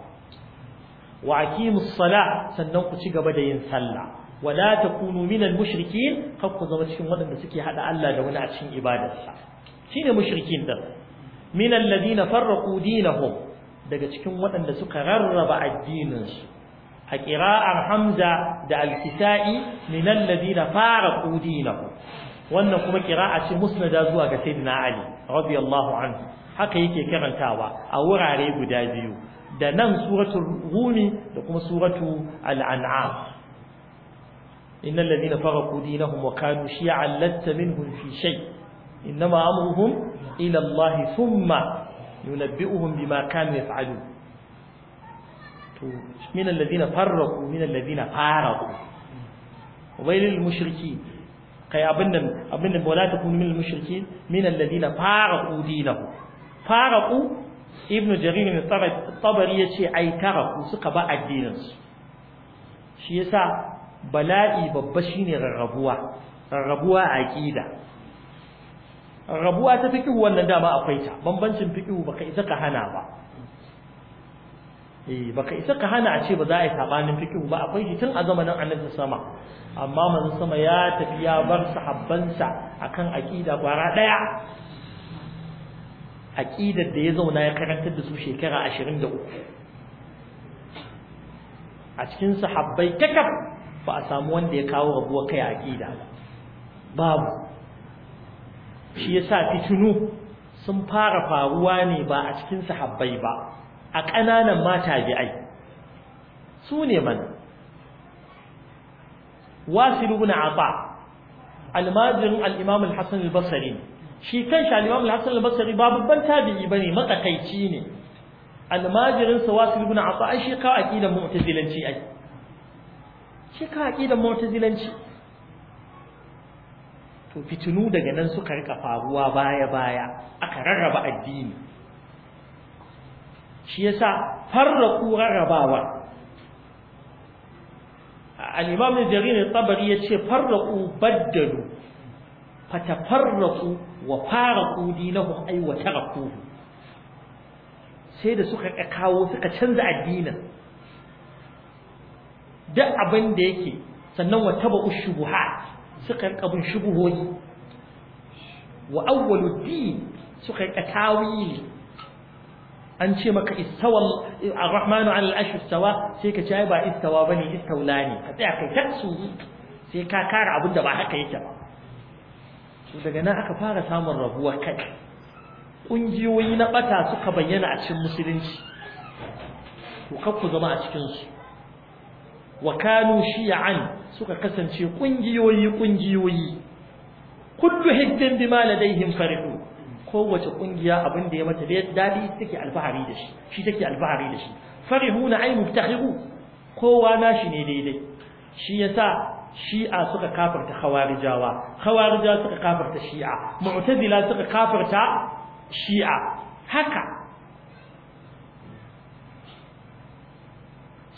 wa aqimus salah sannan ku ci gaba da yin sallah wala takunu minal mushrikin kar ku zama cikin waɗanda suke hada Allah da wani a cikin ibadarsa shine mushrikin din min alladhina farraqu dinahum daga cikin waɗanda suka rarraba addininsu a ƙira'ar hamza da alkisa'i min alladhina farraqu dinahum wannan kuma ƙira'a ce musnada zuwa ga sayyidina ali radiyallahu anhu haka yake karantawa a wurare guda biyu da nan suratul rumi da kuma suratu al-an'am innal ladina farraqu dinahum wa kanu shi'an latta minhum fi shay' إنما أمرهم إلى الله ثم ينبئهم بما كانوا يفعلون من الذين فرقوا من الذين فارقوا ويل المشركين kai abin da abin da bola ta kuni minal mushriki minal ladina fara udina ku ibnu jarir ne tsara tabari yace ai kara ku suka ba addininsu, su shi yasa bala'i babba shine rarrabuwa rarrabuwa aqida rabuwa ta fiƙihu wannan dama akwai ta bambancin fiqhu baka isa ka hana ba eh baka isa ka hana a ce ba za a yi sabanin fiƙihu ba akwai shi tun a zamanin Annabi sama amma manzo sama ya tafi ya bar sahabbansa akan aqida bara daya aqidar da ya zauna ya karantar da su shekara 23 a cikin sahabbai kakaf ba a samu wanda ya kawo rabuwa kai aqida ba babu shi yasa fitinu sun fara faruwa ne ba a cikin sahabbai ba a kananan mata bi'ai su ne man wasil ibn ata almajirin al-imam al-hasan al-basri shi kanshi al-imam al-hasan al-basri ba babban tabi'i bane matsakaici ne almajirin sa wasil ibn ata ai shi ka aqidan mu'tazilanci ai shi ka aqidan mu'tazilanci to fitinu daga nan suka rika faruwa baya-baya aka rarraba addini shi yasa farraku rarrabawa al-imam al-jarir al-tabari yace farraku baddalu fatafarraku wa faraku dinahu ay wa tarakuhu sai da suka kawo suka canza addinin duk abin da yake sannan wa tabu shubuhat suka rika bin shubuhoyi wa awwalu din suka rika tawili an ce maka istawal ar-rahmanu 'ala al-ashri istawa sai ka ce ba istawa bane istawla ne ka tsaya kai taksu sai ka kare abin da ba haka yake ba to daga nan aka fara samun rabuwar kai ƙungiyoyi na bata suka bayyana a cikin musulunci to kakku zama a cikin su wa kanu shi'an suka kasance kungiyoyi kungiyoyi kullu hizbin bima ladaihim farihu kowace kungiya abin da ya mata dadi take alfahari da shi shi take alfahari da shi farihuna ay mubtakhiru kowa nashi ne daidai shi yasa shi'a suka kafarta khawarijawa khawarijawa suka kafarta shi'a mu'tazila suka kafarta shi'a haka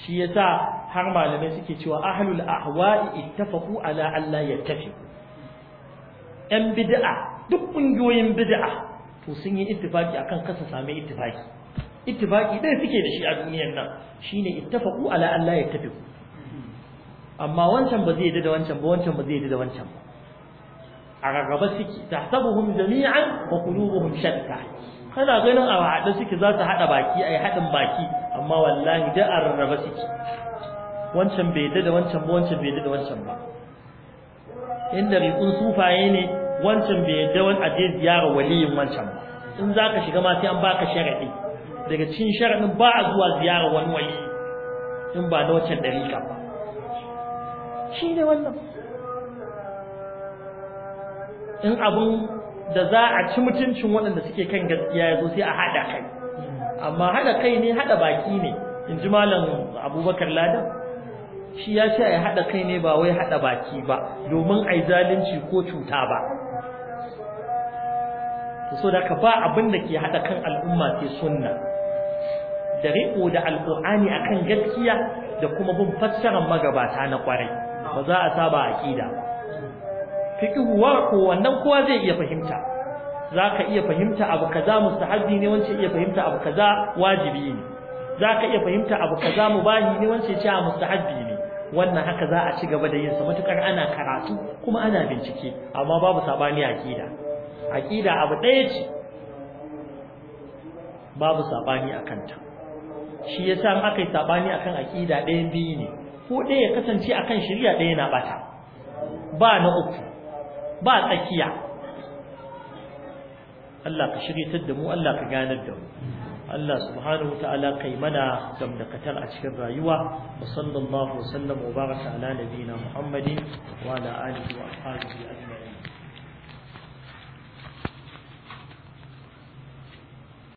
shi yasa har malamai suke cewa ahlul ahwa'i ittafaqu ala ya tafi? yan bid'a duk kungiyoyin bid'a to sun yi ittifaki akan kasa same ittifaki ittifaki dai suke da shi a duniyar nan shine ittafaqu ala ya tafi? amma wancan ba zai da wancan ba wancan ba zai da wancan ba a rarraba suke tahsabuhum jami'an wa hun shatta kana ganin a haɗe suke za su haɗa baki a yi haɗin baki amma wallahi da a rarraba suke wancan bai da wancan ba wancan bai da wancan ba inda riƙun sufaye ne wancan bai da wani aje ziyara waliyin wancan ba in za ka shiga ma sai an baka sharaɗi daga cikin sharaɗin ba a zuwa ziyara wani wali in ba na wancan ka ba shi ne wannan in abun da za a ci mutuncin waɗanda suke kan gaskiya ya zo sai a haɗa kai amma haɗa kai ne haɗa baki ne in ji malam abubakar ladan shi ya ce a yi haɗa kai ne ba wai haɗa baki ba domin a zalunci ko cuta ba so da ka ba abin da ke haɗa kan al'umma ke sunna da riƙo da alƙur'ani akan gaskiya da kuma bin fassarar magabata na kwarai ba za a saba aƙida ba fiqhu ko wannan kowa zai iya fahimta zaka iya fahimta abu kaza mustahabi ne wance iya fahimta abu kaza wajibi ne zaka iya fahimta abu kaza mubahi ne wance ce mustahabi ne wannan haka za a ci gaba da yin sa matukar ana karatu kuma ana bincike amma babu sabani akida aqida abu ɗaya ce babu sabani akan ta shi yasa in aka yi sabani akan aqida ɗaya biyu ne ko ɗaya ya kasance akan shari'a ɗaya na bata ba na uku ba tsakiya Allah ka shiryatar da mu Allah ka ganar da mu Allah subhanahu ta'ala kai mana damdakatar a cikin rayuwa wa sallallahu wa sallam wa baraka ala nabiyina Muhammadin wa ala alihi wa ashabihi ajma'in